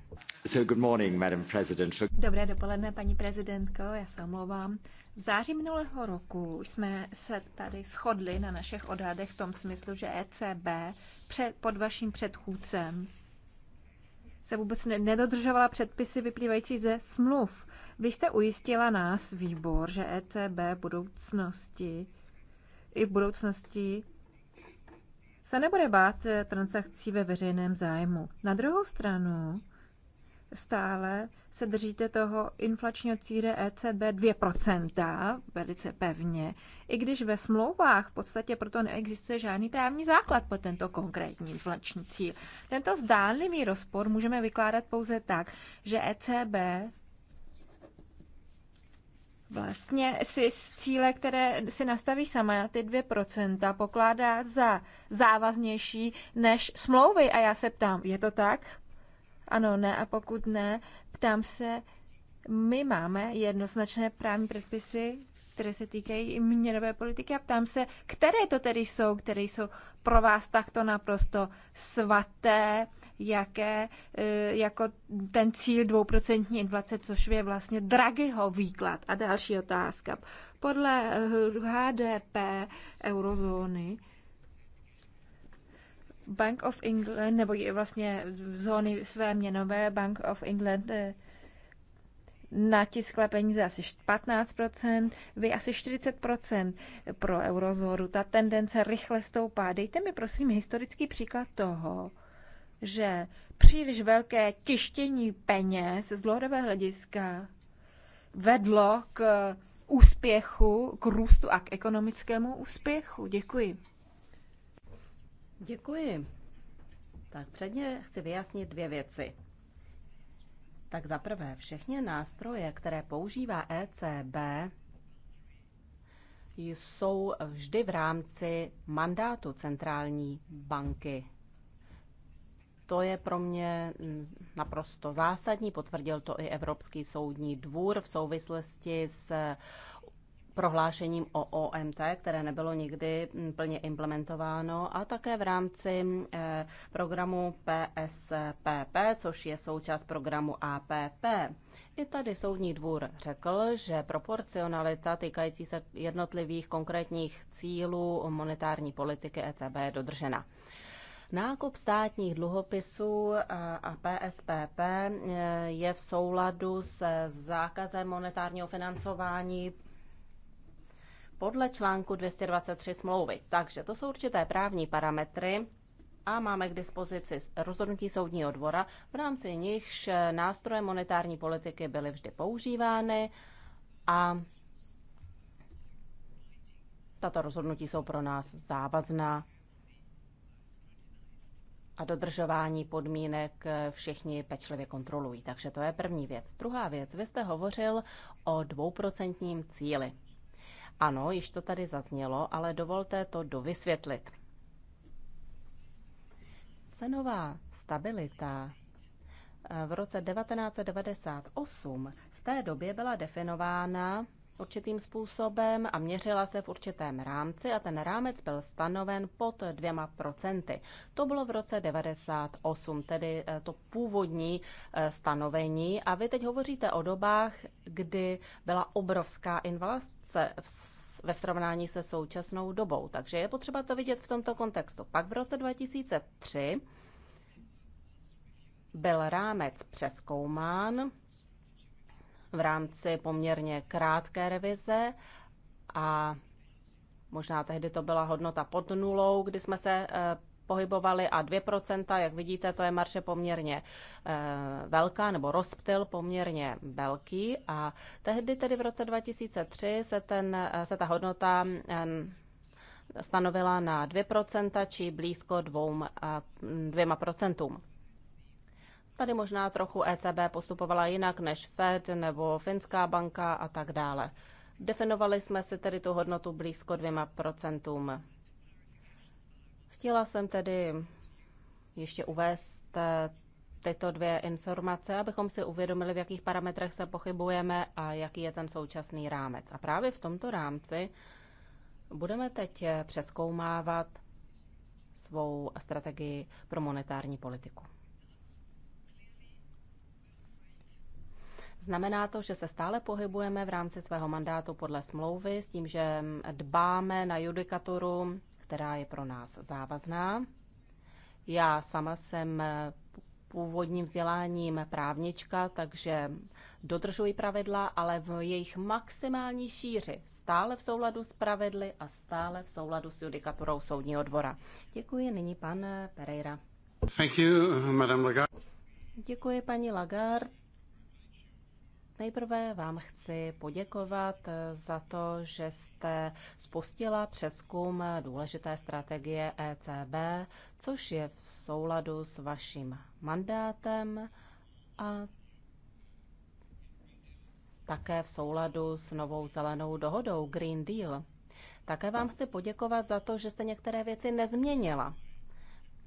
So good morning, Madam President. Dobré dopoledne, paní prezidentko, já se omlouvám. V září minulého roku jsme se tady shodli na našich odhadech v tom smyslu, že ECB před, pod vaším předchůdcem se vůbec nedodržovala předpisy vyplývající ze smluv. Vy jste ujistila nás, výbor, že ECB v budoucnosti i v budoucnosti se nebude bát eh, transakcí ve veřejném zájmu. Na druhou stranu stále se držíte toho inflačního cíle ECB 2%, velice pevně, i když ve smlouvách v podstatě proto neexistuje žádný právní základ pro tento konkrétní inflační cíl. Tento zdánlivý rozpor můžeme vykládat pouze tak, že ECB vlastně si cíle, které si nastaví sama, ty 2%, pokládá za závaznější než smlouvy. A já se ptám, je to tak? Ano, ne. A pokud ne, ptám se, my máme jednoznačné právní předpisy, které se týkají měnové politiky a ptám se, které to tedy jsou, které jsou pro vás takto naprosto svaté, jaké, e, jako ten cíl dvouprocentní inflace, což je vlastně Draghiho výklad. A další otázka. Podle HDP eurozóny Bank of England, nebo je vlastně zóny své měnové, Bank of England e, natiskla peníze asi 15%, vy asi 40% pro eurozónu. Ta tendence rychle stoupá. Dejte mi prosím historický příklad toho, že příliš velké tištění peněz z dlouhodobého hlediska vedlo k úspěchu, k růstu a k ekonomickému úspěchu. Děkuji. Děkuji. Tak předně chci vyjasnit dvě věci. Tak za prvé, všechny nástroje, které používá ECB, jsou vždy v rámci mandátu centrální banky. To je pro mě naprosto zásadní, potvrdil to i Evropský soudní dvůr v souvislosti s prohlášením o OMT, které nebylo nikdy mm, plně implementováno, a také v rámci eh, programu PSPP, což je součást programu APP. I tady soudní dvůr řekl, že proporcionalita týkající se jednotlivých konkrétních cílů monetární politiky ECB je dodržena. Nákup státních dluhopisů eh, a PSPP eh, je v souladu se zákazem monetárního financování podle článku 223 smlouvy. Takže to jsou určité právní parametry, a máme k dispozici rozhodnutí soudního dvora, v rámci nichž eh, nástroje monetární politiky byly vždy používány a tato rozhodnutí jsou pro nás závazná a dodržování podmínek eh, všichni pečlivě kontrolují. Takže to je první věc. Druhá věc, vy jste hovořil o dvouprocentním cíli. Ano, již to tady zaznělo, ale dovolte to dovysvětlit. Cenová stabilita eh, v roce 1998 v té době byla definována určitým způsobem a měřila se v určitém rámci a ten rámec byl stanoven pod dvěma procenty. To bylo v roce 98, tedy eh, to původní eh, stanovení a vy teď hovoříte o dobách, kdy byla obrovská inflace v ve srovnání se současnou dobou. Takže je potřeba to vidět v tomto kontextu. Pak v roce 2003 byl rámec přeskoumán v rámci poměrně krátké revize a možná tehdy to byla hodnota pod nulou, kdy jsme se eh, pohybovali a 2%, jak vidíte, to je marše poměrně eh, velká, nebo rozptyl poměrně velký a tehdy tedy v roce 2003 se, ten, eh, se ta hodnota stanovila na 2%, či blízko dvou dvěma procentům. Tady možná trochu ECB postupovala jinak než Fed nebo Finská banka a tak dále. Definovali jsme si tedy tu hodnotu blízko dvěma procentům. Chtěla jsem tedy ještě uvést eh, tyto dvě informace, abychom si uvědomili, v jakých parametrech se pochybujeme a jaký je ten současný rámec. A právě v tomto rámci budeme teď eh, přeskoumávat svou strategii pro monetární politiku. Znamená to, že se stále pohybujeme v rámci svého mandátu podle smlouvy s tím, že dbáme na judikaturu, která je pro nás závazná. Já sama jsem původním vzděláním právnička, takže dodržuji pravidla, ale v jejich maximální šíři, stále v souladu s pravidly a stále v souladu s judikaturou soudního dvora. Děkuji nyní pan Pereira. Thank you, Madame Lagarde. Děkuji paní Lagarde Nejprve vám chci poděkovat eh, za to, že jste spustila přeskum důležité strategie ECB, což je v souladu s vaším mandátem a také v souladu s novou zelenou dohodou Green Deal. Také vám chci poděkovat za to, že jste některé věci nezměnila.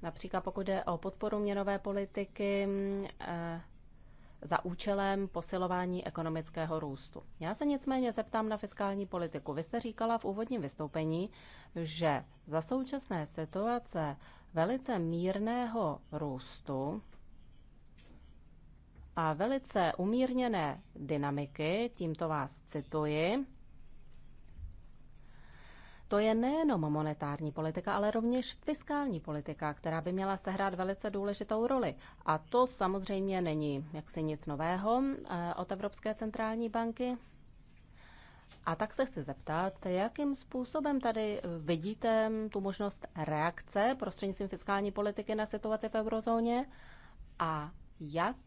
Například pokud jde o podporu měnové politiky, eh, za účelem posilování ekonomického růstu. Já se nicméně zeptám na fiskální politiku. Vy jste říkala v úvodním vystoupení, že za současné situace velice mírného růstu a velice umírněné dynamiky, tímto vás cituji, to je nejenom monetární politika, ale rovněž fiskální politika, která by měla sehrát velice důležitou roli. A to samozřejmě není jaksi nic nového eh, od Evropské centrální banky. A tak se chci zeptat, jakým způsobem tady eh, vidíte mm, tu možnost reakce prostřednictvím fiskální politiky na situaci v eurozóně a jak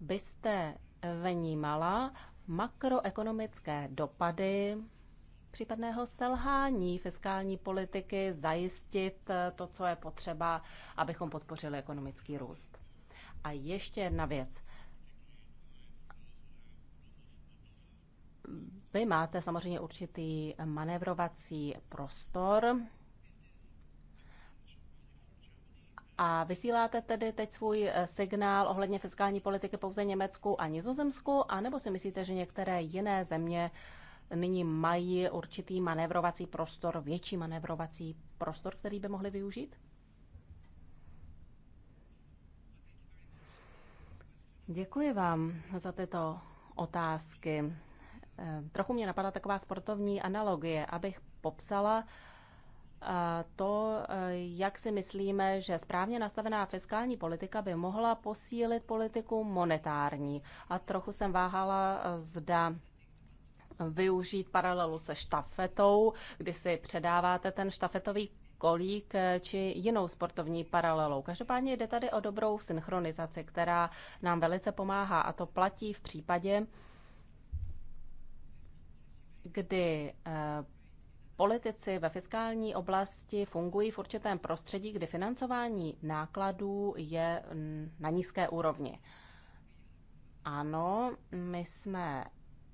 byste vnímala makroekonomické dopady případného selhání fiskální politiky zajistit eh, to, co je potřeba, abychom podpořili ekonomický růst. A ještě jedna věc. Vy máte samozřejmě určitý manévrovací prostor a vysíláte tedy teď svůj eh, signál ohledně fiskální politiky pouze Německu a Nizozemsku, anebo si myslíte, že některé jiné země uh, nyní mají určitý manévrovací prostor, větší manévrovací prostor, který by mohli využít? Děkuji vám za tyto otázky. Eh, trochu mě napadá taková sportovní analogie, abych popsala eh, to, eh, jak si myslíme, že správně nastavená fiskální politika by mohla posílit politiku monetární. A trochu jsem váhala, zda využít paralelu se štafetou, kdy si předáváte ten štafetový kolík eh, či jinou sportovní paralelou. Každopádně jde tady o dobrou synchronizaci, která nám velice pomáhá a to platí v případě, kdy eh, politici ve fiskální oblasti fungují v určitém prostředí, kdy financování nákladů je mm, na nízké úrovni. Ano, my jsme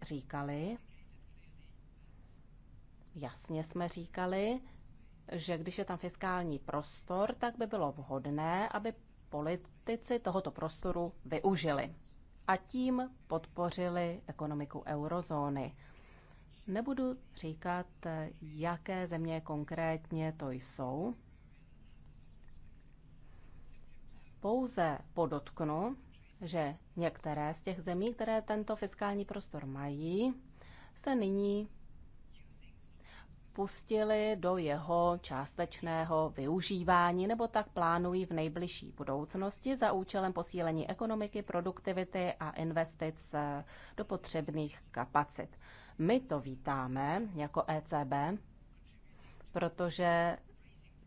říkali, Jasně jsme říkali, že když je tam fiskální prostor, tak by bylo vhodné, aby politici tohoto prostoru využili a tím podpořili ekonomiku eurozóny. Nebudu říkat, jaké země konkrétně to jsou. Pouze podotknu, že některé z těch zemí, které tento fiskální prostor mají, se nyní pustili do jeho částečného využívání nebo tak plánují v nejbližší budoucnosti za účelem posílení ekonomiky, produktivity a investic do potřebných kapacit. My to vítáme jako ECB, protože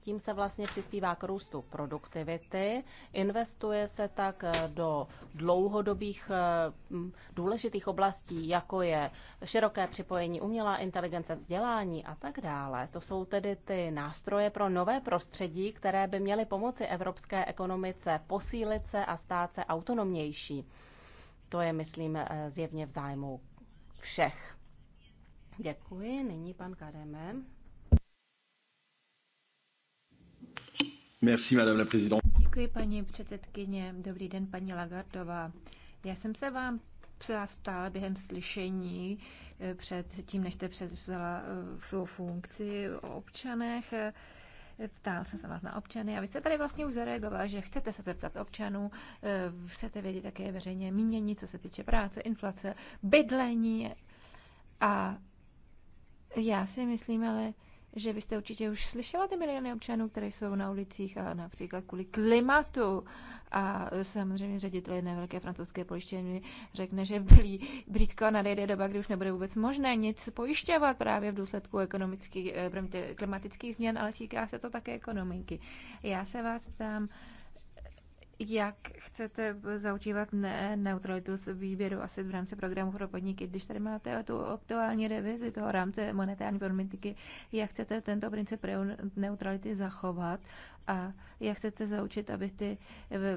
tím se vlastně přispívá k růstu produktivity, investuje se tak eh, do dlouhodobých eh, důležitých oblastí, jako je široké připojení umělá inteligence, vzdělání a tak dále. To jsou tedy ty nástroje pro nové prostředí, které by měly pomoci evropské ekonomice posílit se a stát se autonomnější. To je, myslím, eh, zjevně v zájmu všech. Děkuji. Nyní pan Kareme. Merci, madame la présidente. Děkuji, paní předsedkyně. Dobrý den, paní Lagardová. Já jsem se vám vás ptala během slyšení eh, před tím, než jste převzala eh, svou funkci o občanech. Eh, Ptal jsem se vás na občany a vy jste tady vlastně už zareagovala, že chcete se zeptat občanů, chcete vědět, jaké je veřejně mínění, co se týče práce, inflace, bydlení. A já si myslím, ale že vy jste určitě už slyšela ty miliony občanů, které jsou na ulicích a například kvůli klimatu. A samozřejmě ředitel jedné velké francouzské pojištění řekne, že blí, blízko nadejde doba, kdy už nebude vůbec možné nic pojišťovat právě v důsledku ekonomických, eh, klimatických změn, ale říká se to také ekonomiky. Já se vás ptám, jak chcete zaučívat ne, neutralitu z výběru asi v rámci programu pro podniky, když tady máte tu aktuální revizi toho rámce monetární politiky, jak chcete tento princip neutrality zachovat a jak chcete zaučit, aby ty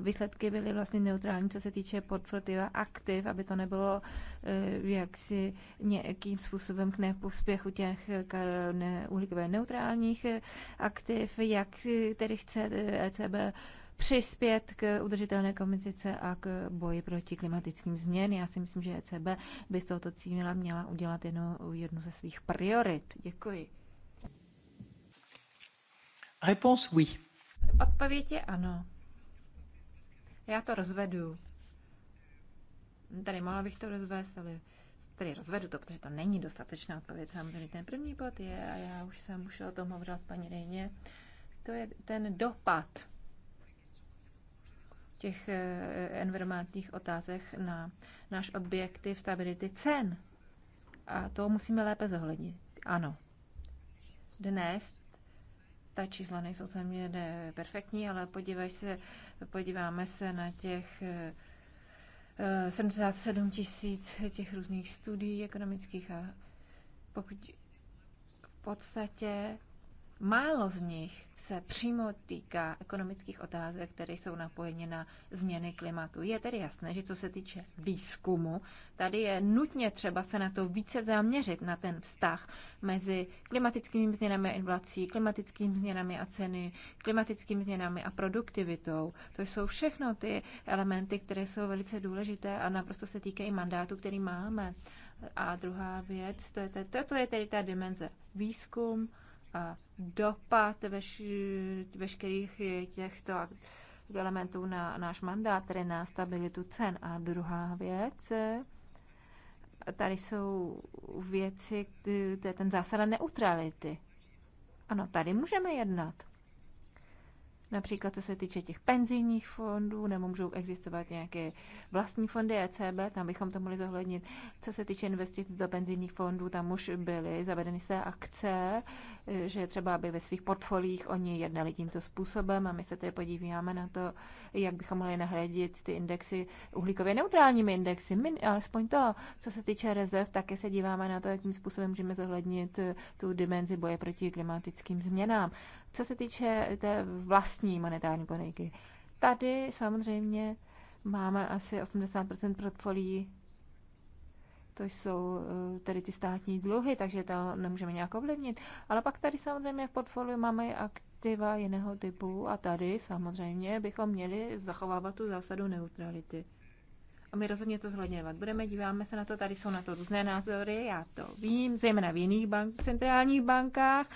výsledky byly vlastně neutrální, co se týče portfolia aktiv, aby to nebylo eh, jaksi nějakým způsobem k neúspěchu těch eh, uhlíkově neutrálních eh, aktiv, jak tedy chce ECB e přispět k udržitelné komizice a k boji proti klimatickým změn. Já si myslím, že ECB by z tohoto cíle měla udělat jednu, jednu ze svých priorit. Děkuji. Réponse oui. Odpověď je ano. Já to rozvedu. Tady mohla bych to rozvést, ale tady rozvedu to, protože to není dostatečná odpověď. Samozřejmě ten první bod je, a já už jsem už o tom hovořila s paní Rejně, to je ten dopad těch eh, environmentních otázech na náš objektiv stability cen. A to musíme lépe zohlednit. Ano. Dnes ta čísla nejsou samozřejmě perfektní, ale podívej se, podíváme se na těch 77 eh, eh, tisíc těch různých studií ekonomických a pokud v podstatě Málo z nich se přímo týká ekonomických otázek, které jsou napojeny na změny klimatu. Je tedy jasné, že co se týče výzkumu, tady je nutně třeba se na to více zaměřit, na ten vztah mezi klimatickými změnami a inflací, klimatickými změnami a ceny, klimatickými změnami a produktivitou. To jsou všechno ty elementy, které jsou velice důležité a naprosto se týkají mandátu, který máme. A druhá věc, to je, to, to je tedy ta dimenze výzkum, dopad veš, veškerých těchto elementů na náš mandát, tedy na stabilitu cen. A druhá věc, tady jsou věci, to je ten zásada neutrality. Ano, tady můžeme jednat například co se týče těch penzijních fondů, nebo můžou existovat nějaké vlastní fondy ECB, tam bychom to mohli zohlednit. Co se týče investic do penzijních fondů, tam už byly zavedeny se akce, že třeba aby ve svých portfolích oni jednali tímto způsobem a my se tedy podíváme na to, jak bychom mohli nahradit ty indexy uhlíkově neutrálními indexy, min, alespoň to, co se týče rezerv, také se díváme na to, jakým způsobem můžeme zohlednit tu dimenzi boje proti klimatickým změnám. Co se týče té vlastní monetární politiky, tady samozřejmě máme asi 80% portfolií, to jsou eh, tedy ty státní dluhy, takže to nemůžeme nějak ovlivnit. Ale pak tady samozřejmě v portfoliu máme aktiva jiného typu a tady samozřejmě bychom měli zachovávat tu zásadu neutrality. A my rozhodně to zhledňovat budeme, díváme se na to, tady jsou na to různé názory, já to vím, zejména v jiných bank, centrálních bankách,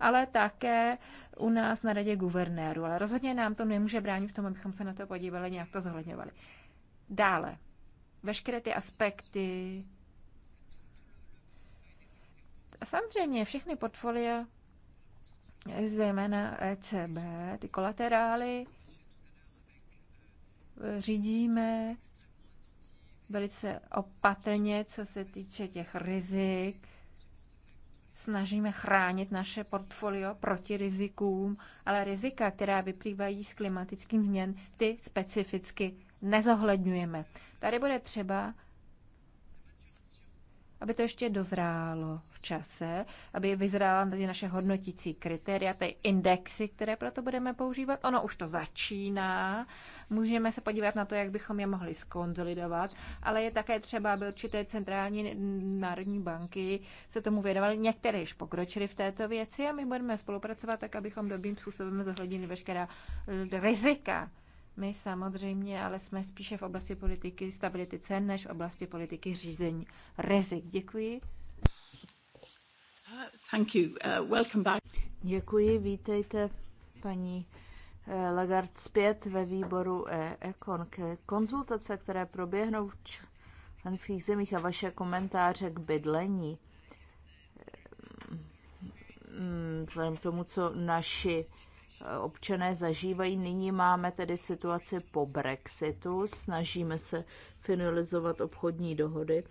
ale také u nás na radě guvernéru. Ale rozhodně nám to nemůže bránit v tom, abychom se na to podívali, nějak to zohledňovali. Dále, veškeré ty aspekty. A samozřejmě všechny portfolia, zejména ECB, ty kolaterály, eh, řídíme velice opatrně, co se týče těch rizik. Snažíme chránit naše portfolio proti rizikům, ale rizika, která vyplývají z klimatických změn, ty specificky nezohledňujeme. Tady bude třeba aby to ještě dozrálo v čase, aby vyzrála tady naše hodnotící kritéria, ty indexy, které proto budeme používat. Ono už to začíná, můžeme se podívat na to, jak bychom je mohli skonzolidovat, ale je také třeba, aby určité centrální národní banky se tomu věnovaly. Některé již pokročily v této věci a my budeme spolupracovat tak, abychom dobrým způsobem zohlednili veškerá rizika my samozřejmě, ale jsme spíše v oblasti politiky stability cen, než v oblasti politiky řízení rizik. Děkuji. Uh, thank you. Uh, welcome back. Děkuji, vítejte paní eh, Lagarde zpět ve výboru e Econ. Konzultace, které proběhnou v členských zemích a vaše komentáře k bydlení, eh, mm, vzhledem k tomu, co naši občané zažívají. Nyní máme tedy situaci po Brexitu, snažíme se finalizovat obchodní dohody.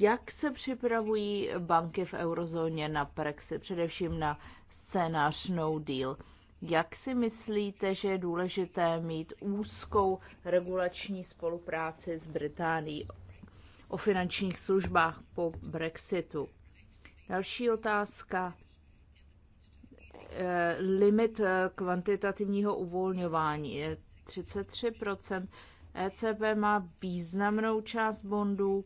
Jak se připravují banky v eurozóně na Brexit, především na scénář no deal? Jak si myslíte, že je důležité mít úzkou regulační spolupráci s Británií o finančních službách po Brexitu? Další otázka. Eh, limit eh, kvantitativního uvolňování je 33 ECB má významnou část bondů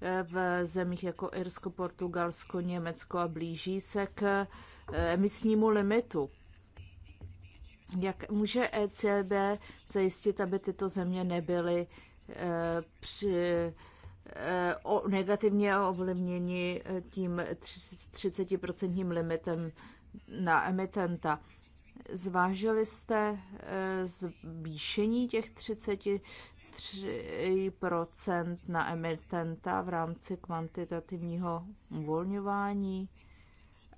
eh, v zemích jako Irsko, Portugalsko, Německo a blíží se k emisnímu limitu. Jak může ECB zajistit, aby tyto země nebyly při, negativně ovlivněni tím 30% limitem na emitenta. Zvážili jste eh, zvýšení těch 33 na emitenta v rámci kvantitativního uvolňování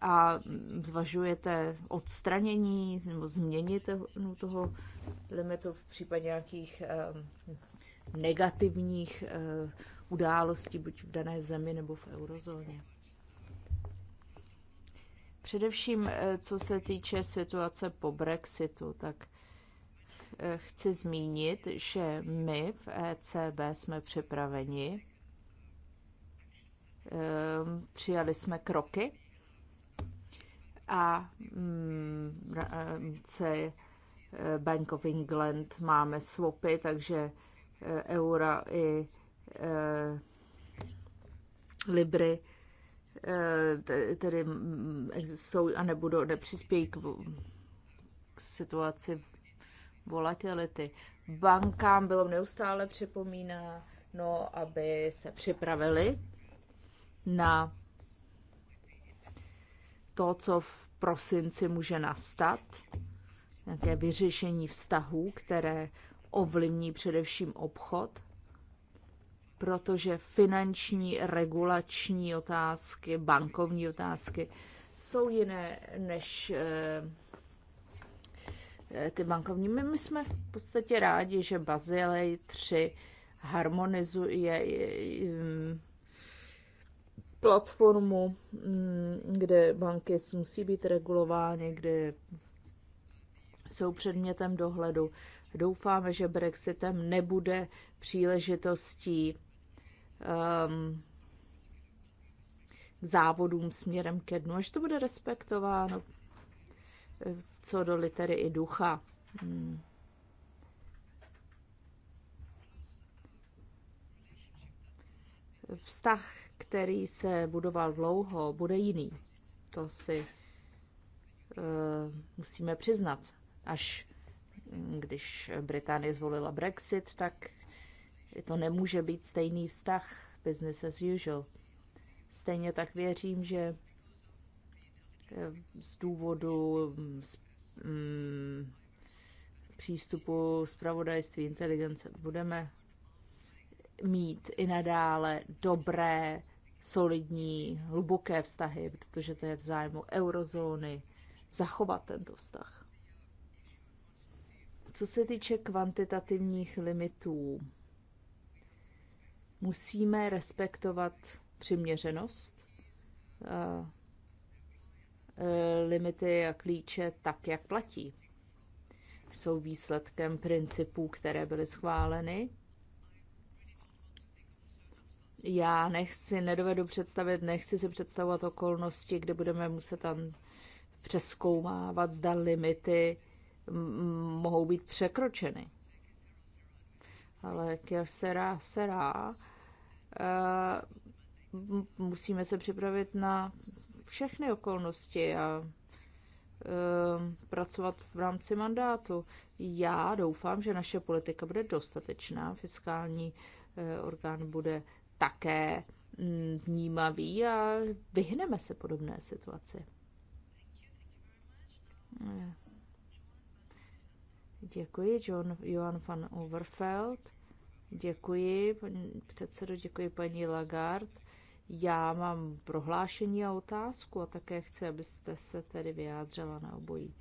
a zvažujete odstranění nebo změnit toho limitu v případě nějakých eh, negativních eh, událostí, buď v dané zemi nebo v eurozóně? Především, eh, co se týče situace po Brexitu, tak eh, chci zmínit, že my v ECB jsme připraveni. Ehm, přijali jsme kroky a se mm, eh, Bank of England máme swapy, takže eura i libry tedy jsou a nebudou, nepřispějí k, k situaci volatility. Bankám bylo neustále připomíná, no, aby se připravili na to, co v prosinci může nastat, nějaké vyřešení vztahů, které ovlivní především obchod protože finanční, regulační otázky, bankovní otázky jsou jiné než eh, eh, ty bankovní. My, jsme v podstatě rádi, že Bazilej 3 harmonizuje eh, platformu, mm, kde banky musí být regulovány, kde jsou předmětem dohledu. Doufáme, že Brexitem nebude příležitostí um, závodům směrem ke dnu, až to bude respektováno co do litery i ducha. Hmm. Vztah, který se budoval dlouho, bude jiný. To si uh, musíme přiznat. Až mm, když Británie zvolila Brexit, tak to nemůže být stejný vztah, business as usual. Stejně tak věřím, že eh, z důvodu z, mm, mm, přístupu zpravodajství inteligence budeme mít i nadále dobré, solidní, hluboké vztahy, protože to je v zájmu eurozóny zachovat tento vztah. Co se týče kvantitativních limitů, Musíme respektovat přiměřenost, eh, eh, limity a klíče tak, jak platí. Jsou výsledkem principů, které byly schváleny. Já nechci, nedovedu představit, nechci si představovat okolnosti, kde budeme muset tam přeskoumávat, zda limity mohou být překročeny. Ale kjer se rá. Eh, musíme se připravit na všechny okolnosti a eh, pracovat v rámci mandátu. Já doufám, že naše politika bude dostatečná, fiskální eh, orgán bude také mm, vnímavý a vyhneme se podobné situaci. Děkuji, John Johan van Overfeld. Děkuji, paní předsedo, děkuji paní Lagarde. Já mám prohlášení a otázku a také chci, abyste se tedy vyjádřila na obojí.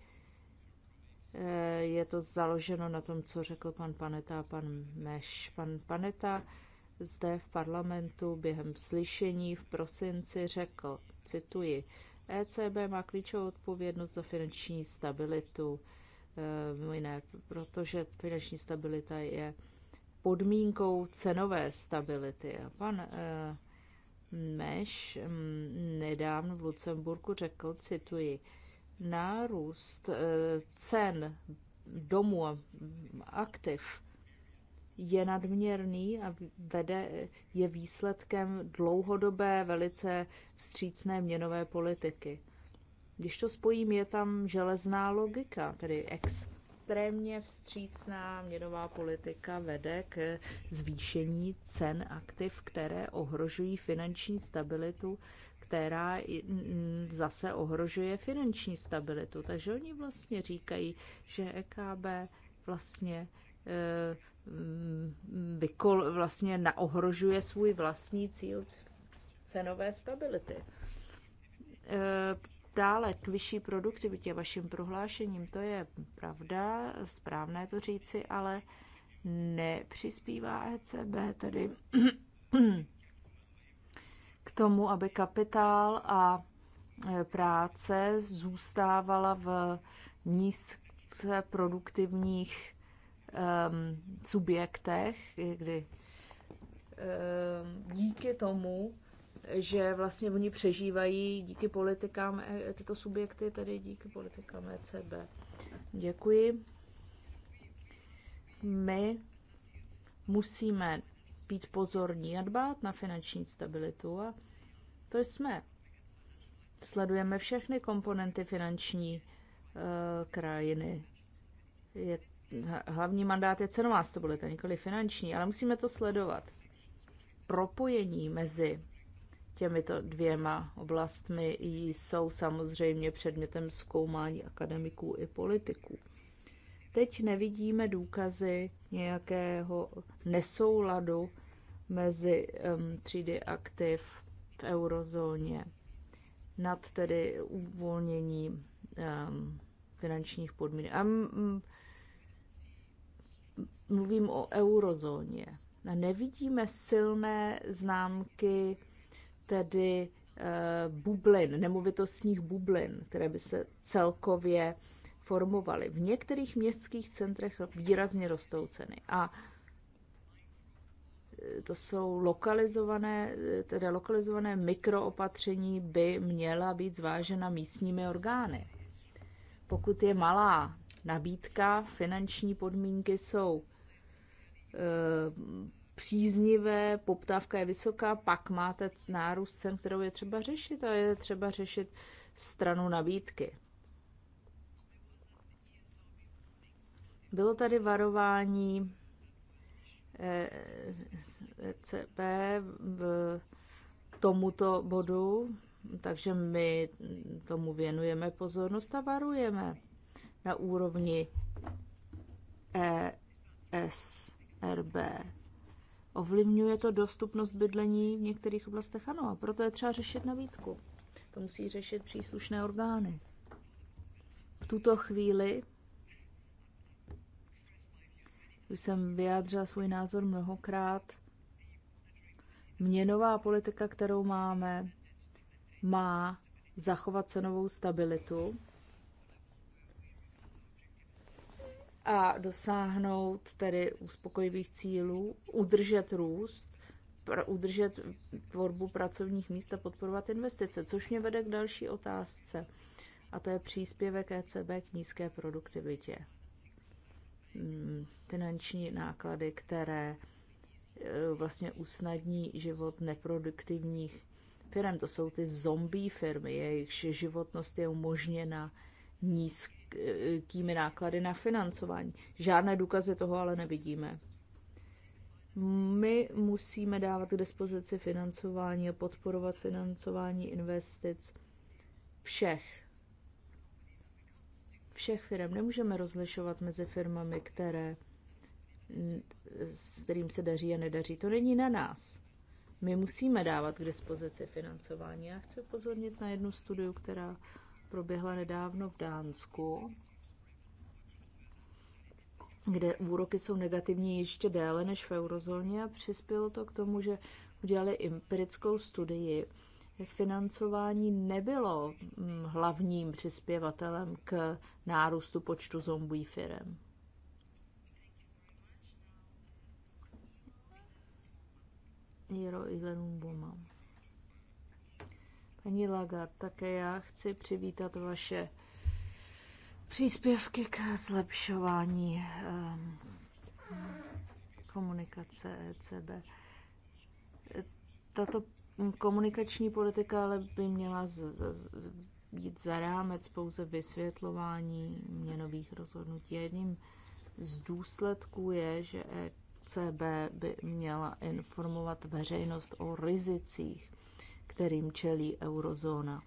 Eh, je to založeno na tom, co řekl pan Paneta a pan Meš. Pan Paneta zde v parlamentu během slyšení v prosinci řekl, cituji, ECB má klíčovou odpovědnost za finanční stabilitu, mimo eh, jiné, protože finanční stabilita je podmínkou cenové stability. A pan uh, Meš um, nedávno v Lucemburku řekl, cituji, nárůst uh, cen domů a aktiv je nadměrný a vede, je výsledkem dlouhodobé, velice vstřícné měnové politiky. Když to spojím, je tam železná logika, tedy ex extrémně vstřícná měnová politika vede k zvýšení cen aktiv, které ohrožují finanční stabilitu, která mm, zase ohrožuje finanční stabilitu. Takže oni vlastně říkají, že EKB vlastně eh, vykol, vlastně naohrožuje svůj vlastní cíl cenové stability eh, dále k vyšší produktivitě vaším prohlášením. To je pravda, správné to říci, ale nepřispívá ECB tedy k tomu, aby kapitál a e, práce zůstávala v nízce produktivních um, subjektech, kdy um, díky tomu že vlastně oni přežívají díky politikám, e, tyto subjekty tedy díky politikám ECB. Děkuji. My musíme být pozorní a dbát na finanční stabilitu a to jsme. Sledujeme všechny komponenty finanční uh, krajiny. Je, hlavní mandát je cenová stabilita, nikoli finanční, ale musíme to sledovat. Propojení mezi Těmito dvěma oblastmi jsou samozřejmě předmětem zkoumání akademiků i politiků. Teď nevidíme důkazy nějakého nesouladu mezi um, třídy aktiv v eurozóně nad tedy uvolnění um, finančních podmínek. A um, mluvím o eurozóně. nevidíme silné známky tedy eh, bublin, nemovitostních bublin, které by se celkově formovaly. V některých městských centrech výrazně rostou ceny. A eh, to jsou lokalizované, eh, teda lokalizované mikroopatření by měla být zvážena místními orgány. Pokud je malá nabídka, finanční podmínky jsou příznivé, poptávka je vysoká, pak máte nárůst cen, kterou je třeba řešit a je třeba řešit stranu nabídky. Bylo tady varování eh, CP v tomuto bodu, takže my tomu věnujeme pozornost a varujeme na úrovni ESRB. Ovlivňuje to dostupnost bydlení v některých oblastech? Ano, a proto je třeba řešit nabídku. To musí řešit příslušné orgány. V tuto chvíli už jsem vyjádřila svůj názor mnohokrát. Měnová politika, kterou máme, má zachovat cenovou stabilitu a dosáhnout tedy uspokojivých cílů, udržet růst, pr- udržet tvorbu pracovních míst a podporovat investice, což mě vede k další otázce. A to je příspěvek ECB k nízké produktivitě. Hmm, finanční náklady, které e, vlastně usnadní život neproduktivních firm. To jsou ty zombie firmy, jejichž životnost je umožněna nízk, vysokými e, náklady na financování. Žádné důkazy toho ale nevidíme. My musíme dávat k dispozici financování a podporovat financování investic všech. Všech firm. Nemůžeme rozlišovat mezi firmami, které, s kterým se daří a nedaří. To není na nás. My musíme dávat k dispozici financování. Já chci pozornit na jednu studiu, která proběhla nedávno v Dánsku, kde úroky jsou negativní ještě déle než v eurozóně a přispělo to k tomu, že udělali empirickou studii. Financování nebylo mm, hlavním přispěvatelem k nárůstu počtu zombie firem. Jero Ilenum Bumam. Ani lagard také já chci přivítat vaše příspěvky k zlepšování um, komunikace ECB. Tato komunikační politika ale by měla z, z, být za rámec pouze vysvětlování měnových rozhodnutí. Jedním z důsledků je, že ECB by měla informovat veřejnost o rizicích kterým čelí eurozóna.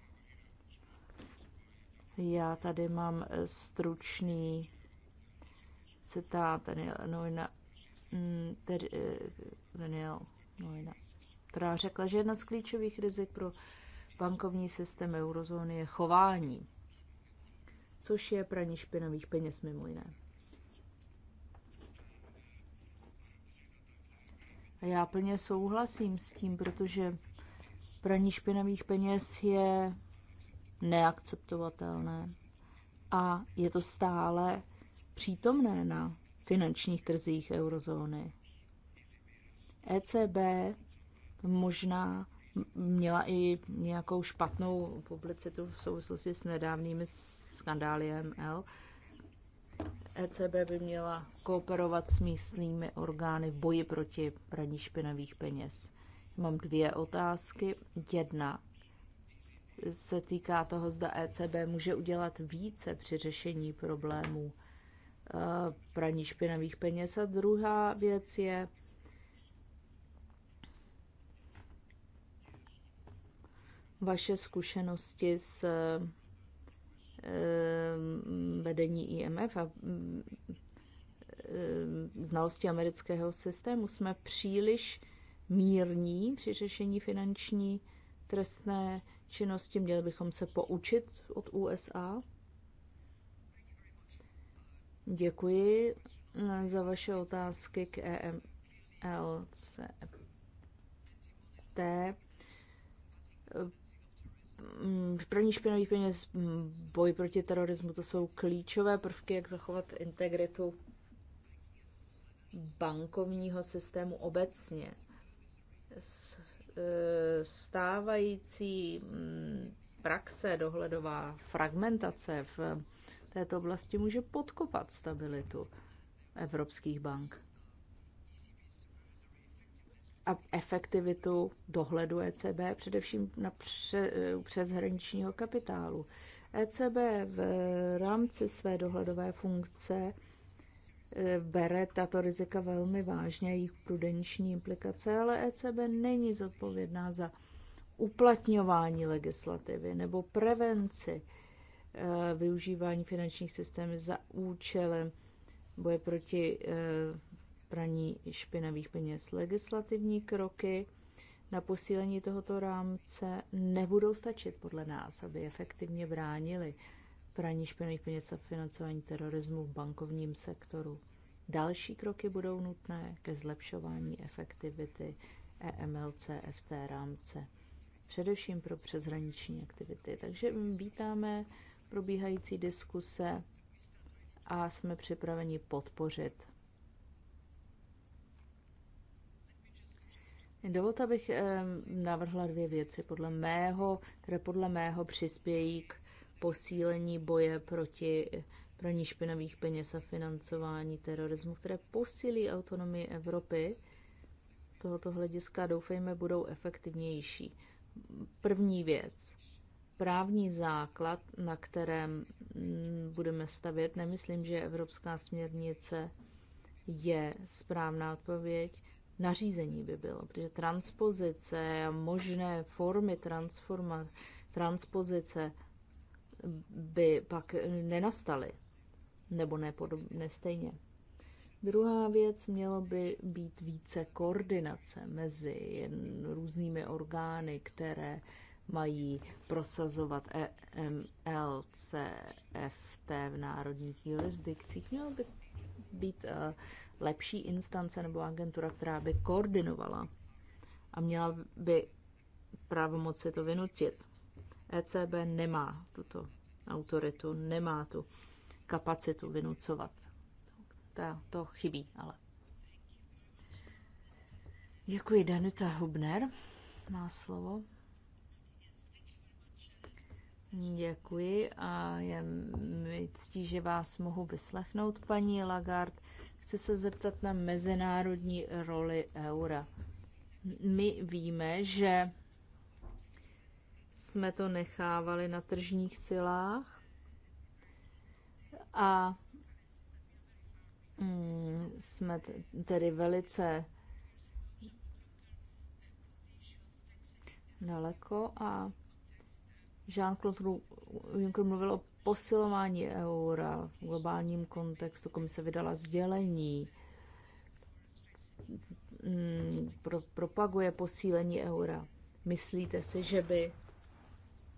Já tady mám stručný citát Daniel, mm, eh, Daniel Noina, která řekla, že jedna z klíčových rizik pro bankovní systém eurozóny je chování, což je praní špinavých peněz mimo jiné. A já plně souhlasím s tím, protože Praní špinavých peněz je neakceptovatelné a je to stále přítomné na finančních trzích eurozóny. ECB možná měla i nějakou špatnou publicitu v souvislosti s nedávnými skandály ML. ECB by měla kooperovat s místními orgány v boji proti praní špinavých peněz. Mám dvě otázky. Jedna se týká toho, zda ECB může udělat více při řešení problémů eh, praní špinavých peněz. A druhá věc je, vaše zkušenosti s eh, vedení IMF a eh, znalosti amerického systému. Jsme příliš mírní při řešení finanční trestné činnosti. Měli bychom se poučit od USA. Děkuji eh, za vaše otázky k EMLCT. Eh, První špinavý peněz, hm, boj proti terorismu, to jsou klíčové prvky, jak zachovat integritu bankovního systému obecně. E, stávající mm, praxe, dohledová fragmentace v této oblasti může podkopat stabilitu evropských bank a efektivitu dohledu ECB, především na pře, přeshraničního kapitálu. ECB v rámci své dohledové funkce E, bere tato rizika velmi vážně, jejich prudenční implikace, ale ECB není zodpovědná za uplatňování legislativy nebo prevenci e, využívání finančních systémů za účelem boje proti e, praní špinavých peněz. Legislativní kroky na posílení tohoto rámce nebudou stačit podle nás, aby efektivně bránili praní špinavých peněz a financování terorismu v bankovním sektoru. Další kroky budou nutné ke zlepšování efektivity EMLCFT rámce, především pro přeshraniční aktivity. Takže vítáme probíhající diskuse a jsme připraveni podpořit. Dovolte, abych eh, navrhla dvě věci. Podle mého, které podle mého přispějí k posílení boje proti praní špinavých peněz a financování terorismu, které posílí autonomii Evropy, tohoto hlediska doufejme budou efektivnější. První věc. Právní základ, na kterém mm, budeme stavět, nemyslím, že evropská směrnice je správná odpověď. Nařízení by bylo, protože transpozice a možné formy transforma, transpozice by pak nenastaly nebo ne nestejně. Druhá věc mělo by být více koordinace mezi různými orgány, které mají prosazovat EMLCFT v národních jurisdikcích. Mělo by být eh, lepší instance nebo agentura, která by koordinovala a měla by pravomoci to vynutit. ECB nemá tuto autoritu, nemá tu kapacitu vynucovat. Ta, to chybí, ale. Děkuji, Danuta Hubner. Má slovo. Děkuji a je mi ctí, že vás mohu vyslechnout, paní Lagarde. Chci se zeptat na mezinárodní roli eura. My víme, že jsme to nechávali na tržních silách a mm, jsme tedy velice daleko a Jean-Claude Juncker mluvil o posilování eura v globálním kontextu. Komise vydala sdělení, mm, pro, propaguje posílení eura. Myslíte si, že by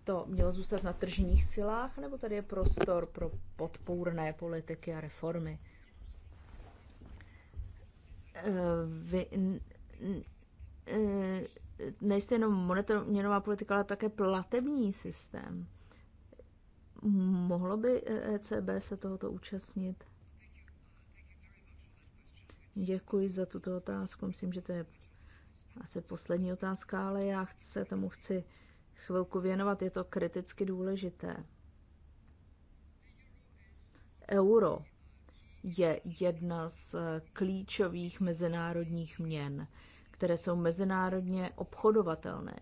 to mělo zůstat na tržních silách, nebo tady je prostor pro podpůrné politiky a reformy? Eh, vy eh, nejste jenom monetární politika, ale také platební systém. Mohlo by ECB eh, e se tohoto účastnit? Děkuji za tuto otázku. Myslím, že to je asi poslední otázka, ale já se tomu chci chvilku věnovat. Je to kriticky důležité. Euro je jedna z eh, klíčových mezinárodních měn, které jsou mezinárodně obchodovatelné.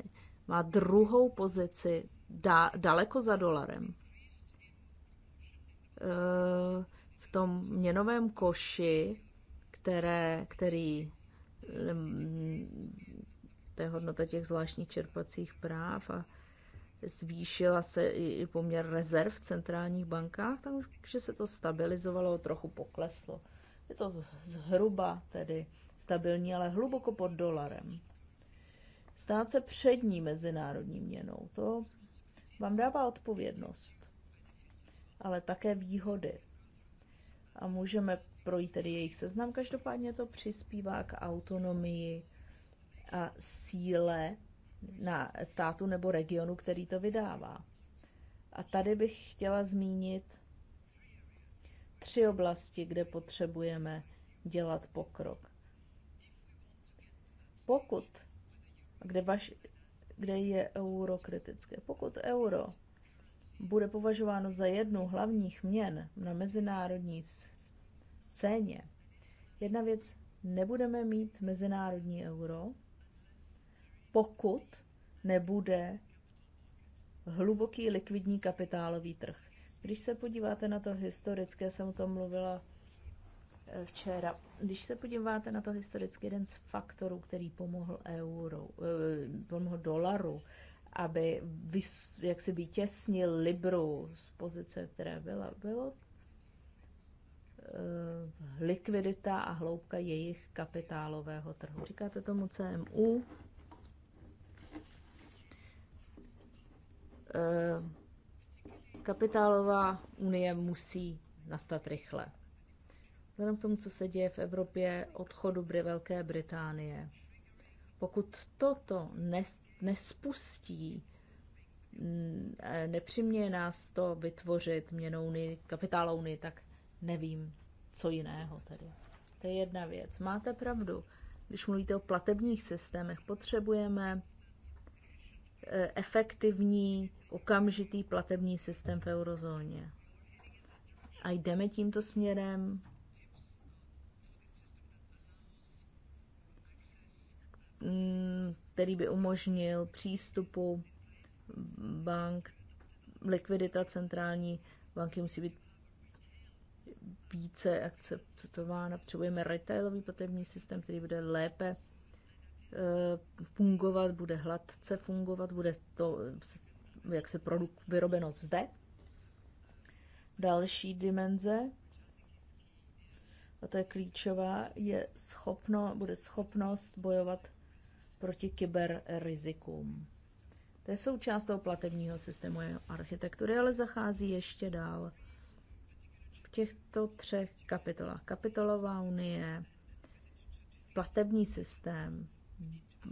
Má druhou pozici da, daleko za dolarem. Eh, v tom měnovém koši, které, který mm, to je hodnota těch zvláštních čerpacích práv a zvýšila se i poměr rezerv v centrálních bankách, takže se to stabilizovalo, trochu pokleslo. Je to zhruba tedy stabilní, ale hluboko pod dolarem. Stát se přední mezinárodní měnou, to vám dává odpovědnost, ale také výhody. A můžeme projít tedy jejich seznam, každopádně to přispívá k autonomii a síle na státu nebo regionu, který to vydává. A tady bych chtěla zmínit tři oblasti, kde potřebujeme dělat pokrok. Pokud, kde, vaš, kde je euro kritické, pokud euro bude považováno za jednu hlavních měn na mezinárodní scéně, jedna věc, nebudeme mít mezinárodní euro, pokud nebude hluboký likvidní kapitálový trh. Když se podíváte na to historické, jsem o tom mluvila eh, včera, když se podíváte na to historicky, jeden z faktorů, který pomohl euro, eh, pomohl dolaru, aby vys, jak si vytěsnil Libru z pozice, která byla, bylo eh, likvidita a hloubka jejich kapitálového trhu. Říkáte tomu CMU, Eh, kapitálová unie musí nastat rychle. Vzhledem k tomu, co se děje v Evropě odchodu Velké Británie, pokud toto nespustí, mm, eh, nepřiměje nás to vytvořit měnou unii, kapitálovou unii, tak nevím, co jiného tedy. To je jedna věc. Máte pravdu. Když mluvíte o platebních systémech, potřebujeme Eh, efektivní okamžitý platební systém v eurozóně. A jdeme tímto směrem. Mm, který by umožnil přístupu bank, likvidita centrální banky musí být více akceptována. Potřebujeme retailový platební systém, který bude lépe Eh, fungovat, bude hladce fungovat, bude to eh, jak se produkt vyrobeno zde. Další dimenze, a to je klíčová, je schopno, bude schopnost bojovat proti kyberrizikům. To je součást toho platebního systému a architektury, ale zachází ještě dál v těchto třech kapitolách. Kapitolová unie, platební systém,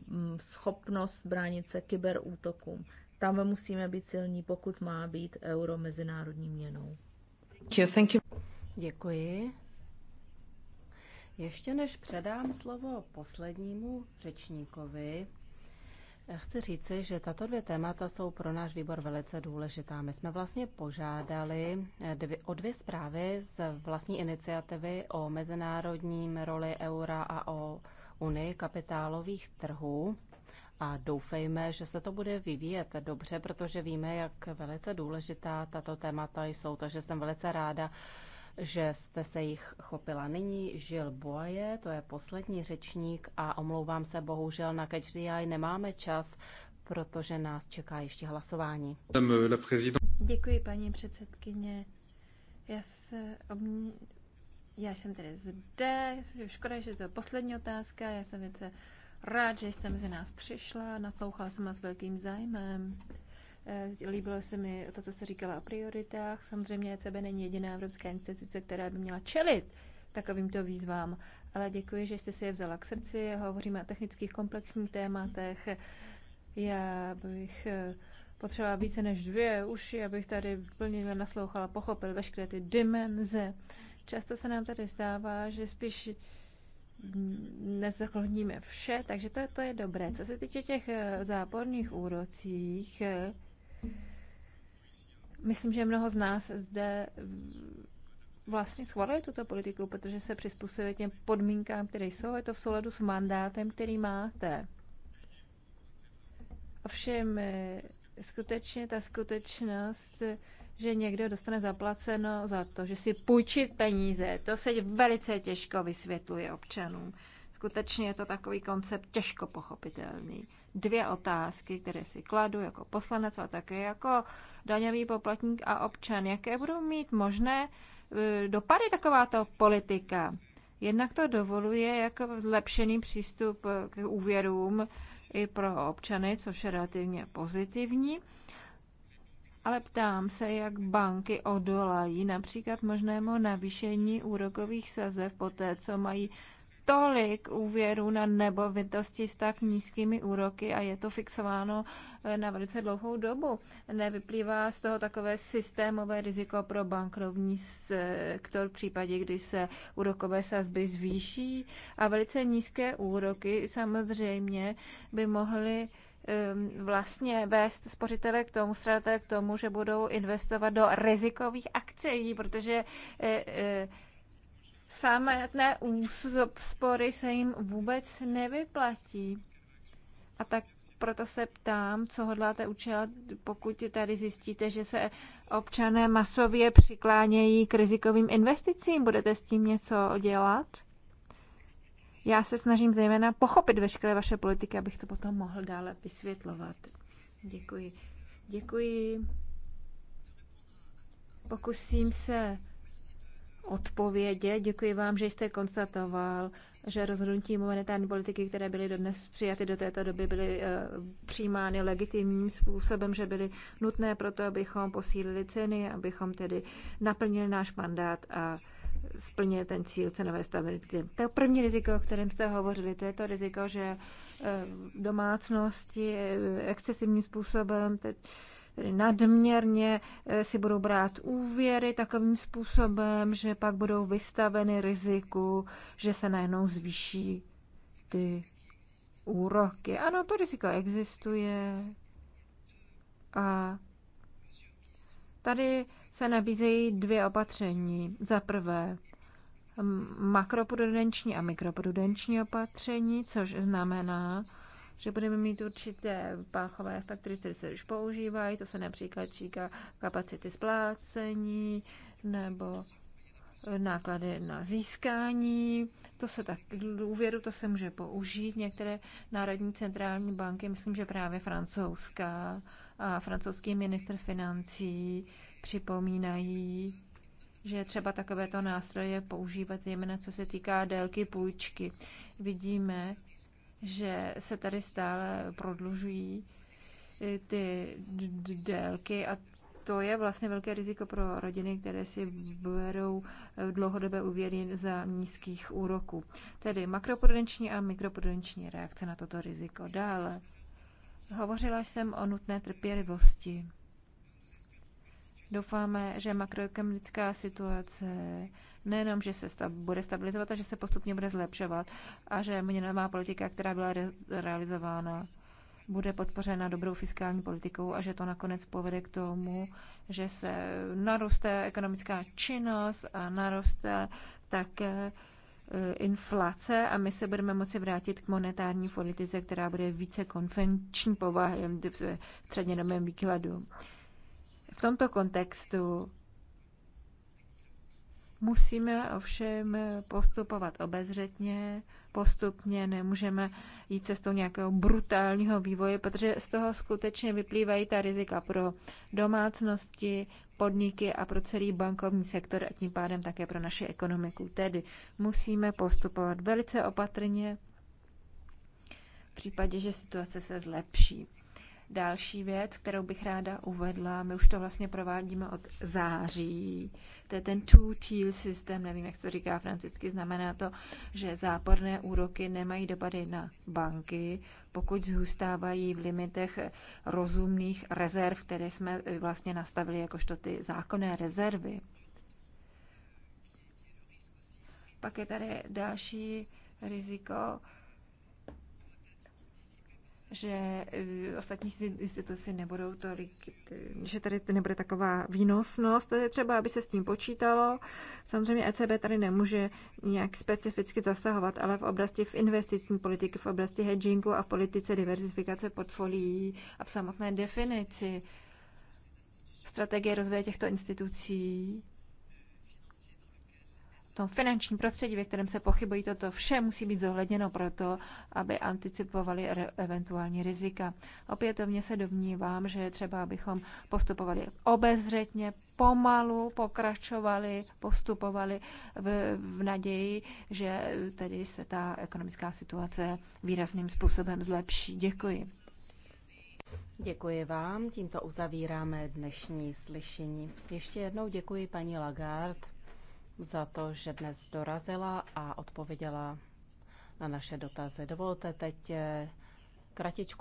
Mm, schopnost bránit se kyberútokům. Tam musíme být silní, pokud má být euro mezinárodní měnou. Thank you. Děkuji. Ještě než předám slovo poslednímu řečníkovi, chci říci, že tato dvě témata jsou pro náš výbor velice důležitá. My jsme vlastně požádali dvě, o dvě zprávy z vlastní iniciativy o mezinárodním roli eura a o unii kapitálových trhů a doufejme, že se to bude vyvíjet dobře, protože víme, jak velice důležitá tato témata jsou, takže jsem velice ráda, že jste se jich chopila. Nyní Žil Boaje, to je poslední řečník a omlouvám se, bohužel na Catch nemáme čas, protože nás čeká ještě hlasování. Děkuji, paní předsedkyně. Já se já jsem tedy zde, škoda, že to je poslední otázka, já jsem věce rád, že jste mezi nás přišla, naslouchala jsem vás s velkým zájmem. Eh, líbilo se mi to, co jste říkala o prioritách. Samozřejmě ECB není jediná evropská instituce, která by měla čelit takovýmto výzvám. Ale děkuji, že jste si je vzala k srdci. Hovoříme o technických komplexních tématech. Já bych eh, potřebovala více než dvě uši, abych tady plně naslouchala, pochopil veškeré ty dimenze. Uh, Často se nám tady zdává, že spíš nezohledníme vše, takže to, to je dobré. Co se týče těch eh, záporných úrocích, eh, myslím, že mnoho z nás zde vlastně schvaluje tuto politiku, protože se přizpůsobuje těm podmínkám, které jsou. Je to v souladu s mandátem, který máte. Ovšem, eh, skutečně ta skutečnost, že někdo dostane zaplaceno za to, že si půjčit peníze, to se velice těžko vysvětluje občanům. Skutečně je to takový koncept těžko pochopitelný. Dvě otázky, které si kladu jako poslanec, ale také jako daňový poplatník a občan. Jaké budou mít možné e, dopady takováto politika? Jednak to dovoluje jako zlepšený přístup k úvěrům i pro občany, což je relativně pozitivní ale ptám se, jak banky odolají například možnému navýšení úrokových sazeb po té, co mají tolik úvěrů na nebovitosti s tak nízkými úroky a je to fixováno eh, na velice dlouhou dobu. Nevyplývá z toho takové systémové riziko pro bankovní sektor v případě, kdy se úrokové sazby zvýší a velice nízké úroky samozřejmě by mohly Um, vlastně vést spořitele k tomu, stratele k tomu, že budou investovat do rizikových akcí, protože eh, eh, samotné úspory se jim vůbec nevyplatí. A tak proto se ptám, co hodláte učit, pokud tady zjistíte, že se občané masově přiklánějí k rizikovým investicím. Budete s tím něco dělat? Já se snažím zejména pochopit veškeré vaše politiky, abych to potom mohl dále vysvětlovat. Děkuji. Děkuji. Pokusím se odpovědět. Děkuji vám, že jste konstatoval, že rozhodnutí monetární politiky, které byly dodnes přijaty do této doby, byly eh, přijímány legitimním způsobem, že byly nutné proto, abychom posílili ceny, abychom tedy naplnili náš mandát a splnit ten cíl cenové stability. To první riziko, o kterém jste hovořili, to je to riziko, že eh, domácnosti eh, excesivním způsobem, tedy nadměrně eh, si budou brát úvěry takovým způsobem, že pak budou vystaveny riziku, že se najednou zvýší ty úroky. Ano, to riziko existuje a Tady se nabízejí dvě opatření. Za prvé makroprudenční a mikroprudenční opatření, což znamená, že budeme mít určité páchové efekty, které se už používají, to se například říká kapacity splácení nebo náklady na získání, to se tak úvěru, to se může použít. Některé národní centrální banky, myslím, že právě francouzská a francouzský minister financí připomínají, že třeba takovéto nástroje používat, zejména co se týká délky půjčky. Vidíme, že se tady stále prodlužují eh, ty délky a to je vlastně velké riziko pro rodiny, které si berou eh, dlouhodobé úvěry za nízkých úroků. Tedy makroprudenční a mikroprudenční reakce na toto riziko. Dále. Hovořila jsem o nutné trpělivosti. Doufáme, že makroekonomická situace nejenom, že se stav, bude stabilizovat, a že se postupně bude zlepšovat a že měnová politika, která byla re, realizována, bude podpořena dobrou fiskální politikou a že to nakonec povede k tomu, že se naroste ekonomická činnost a naroste také e, inflace a my se budeme moci vrátit k monetární politice, která bude více konvenční povahy v střednědobém výkladu. V tomto kontextu Musíme ovšem postupovat obezřetně, postupně, nemůžeme jít cestou nějakého brutálního vývoje, protože z toho skutečně vyplývají ta rizika pro domácnosti, podniky a pro celý bankovní sektor a tím pádem také pro naši ekonomiku. Tedy musíme postupovat velice opatrně v případě, že situace se zlepší. Další věc, kterou bych ráda uvedla, my už to vlastně provádíme od září, to je ten two-tier systém, nevím, jak se říká francouzsky, znamená to, že záporné úroky nemají dopady na banky, pokud zůstávají v limitech rozumných rezerv, které jsme vlastně nastavili jakožto ty zákonné rezervy. Pak je tady další riziko, že e, ostatní instituci nebudou tolik, e, že tady nebude taková výnosnost, třeba aby se s tím počítalo. Samozřejmě ECB tady nemůže nějak specificky zasahovat, ale v oblasti v investiční politiky, v oblasti hedgingu a v politice diversifikace portfolií a v samotné definici strategie rozvoje těchto institucí tom finančním prostředí, ve kterém se pochybují, toto vše musí být zohledněno proto, aby anticipovali re- eventuální rizika. Opětovně se domnívám, že třeba abychom postupovali obezřetně, pomalu, pokračovali, postupovali v, v naději, že tedy se ta ekonomická situace výrazným způsobem zlepší. Děkuji. Děkuji vám, tímto uzavíráme dnešní slyšení. Ještě jednou děkuji paní Lagarde za to, že dnes dorazila a odpověděla na naše dotazy. Dovolte teď eh, kratičkou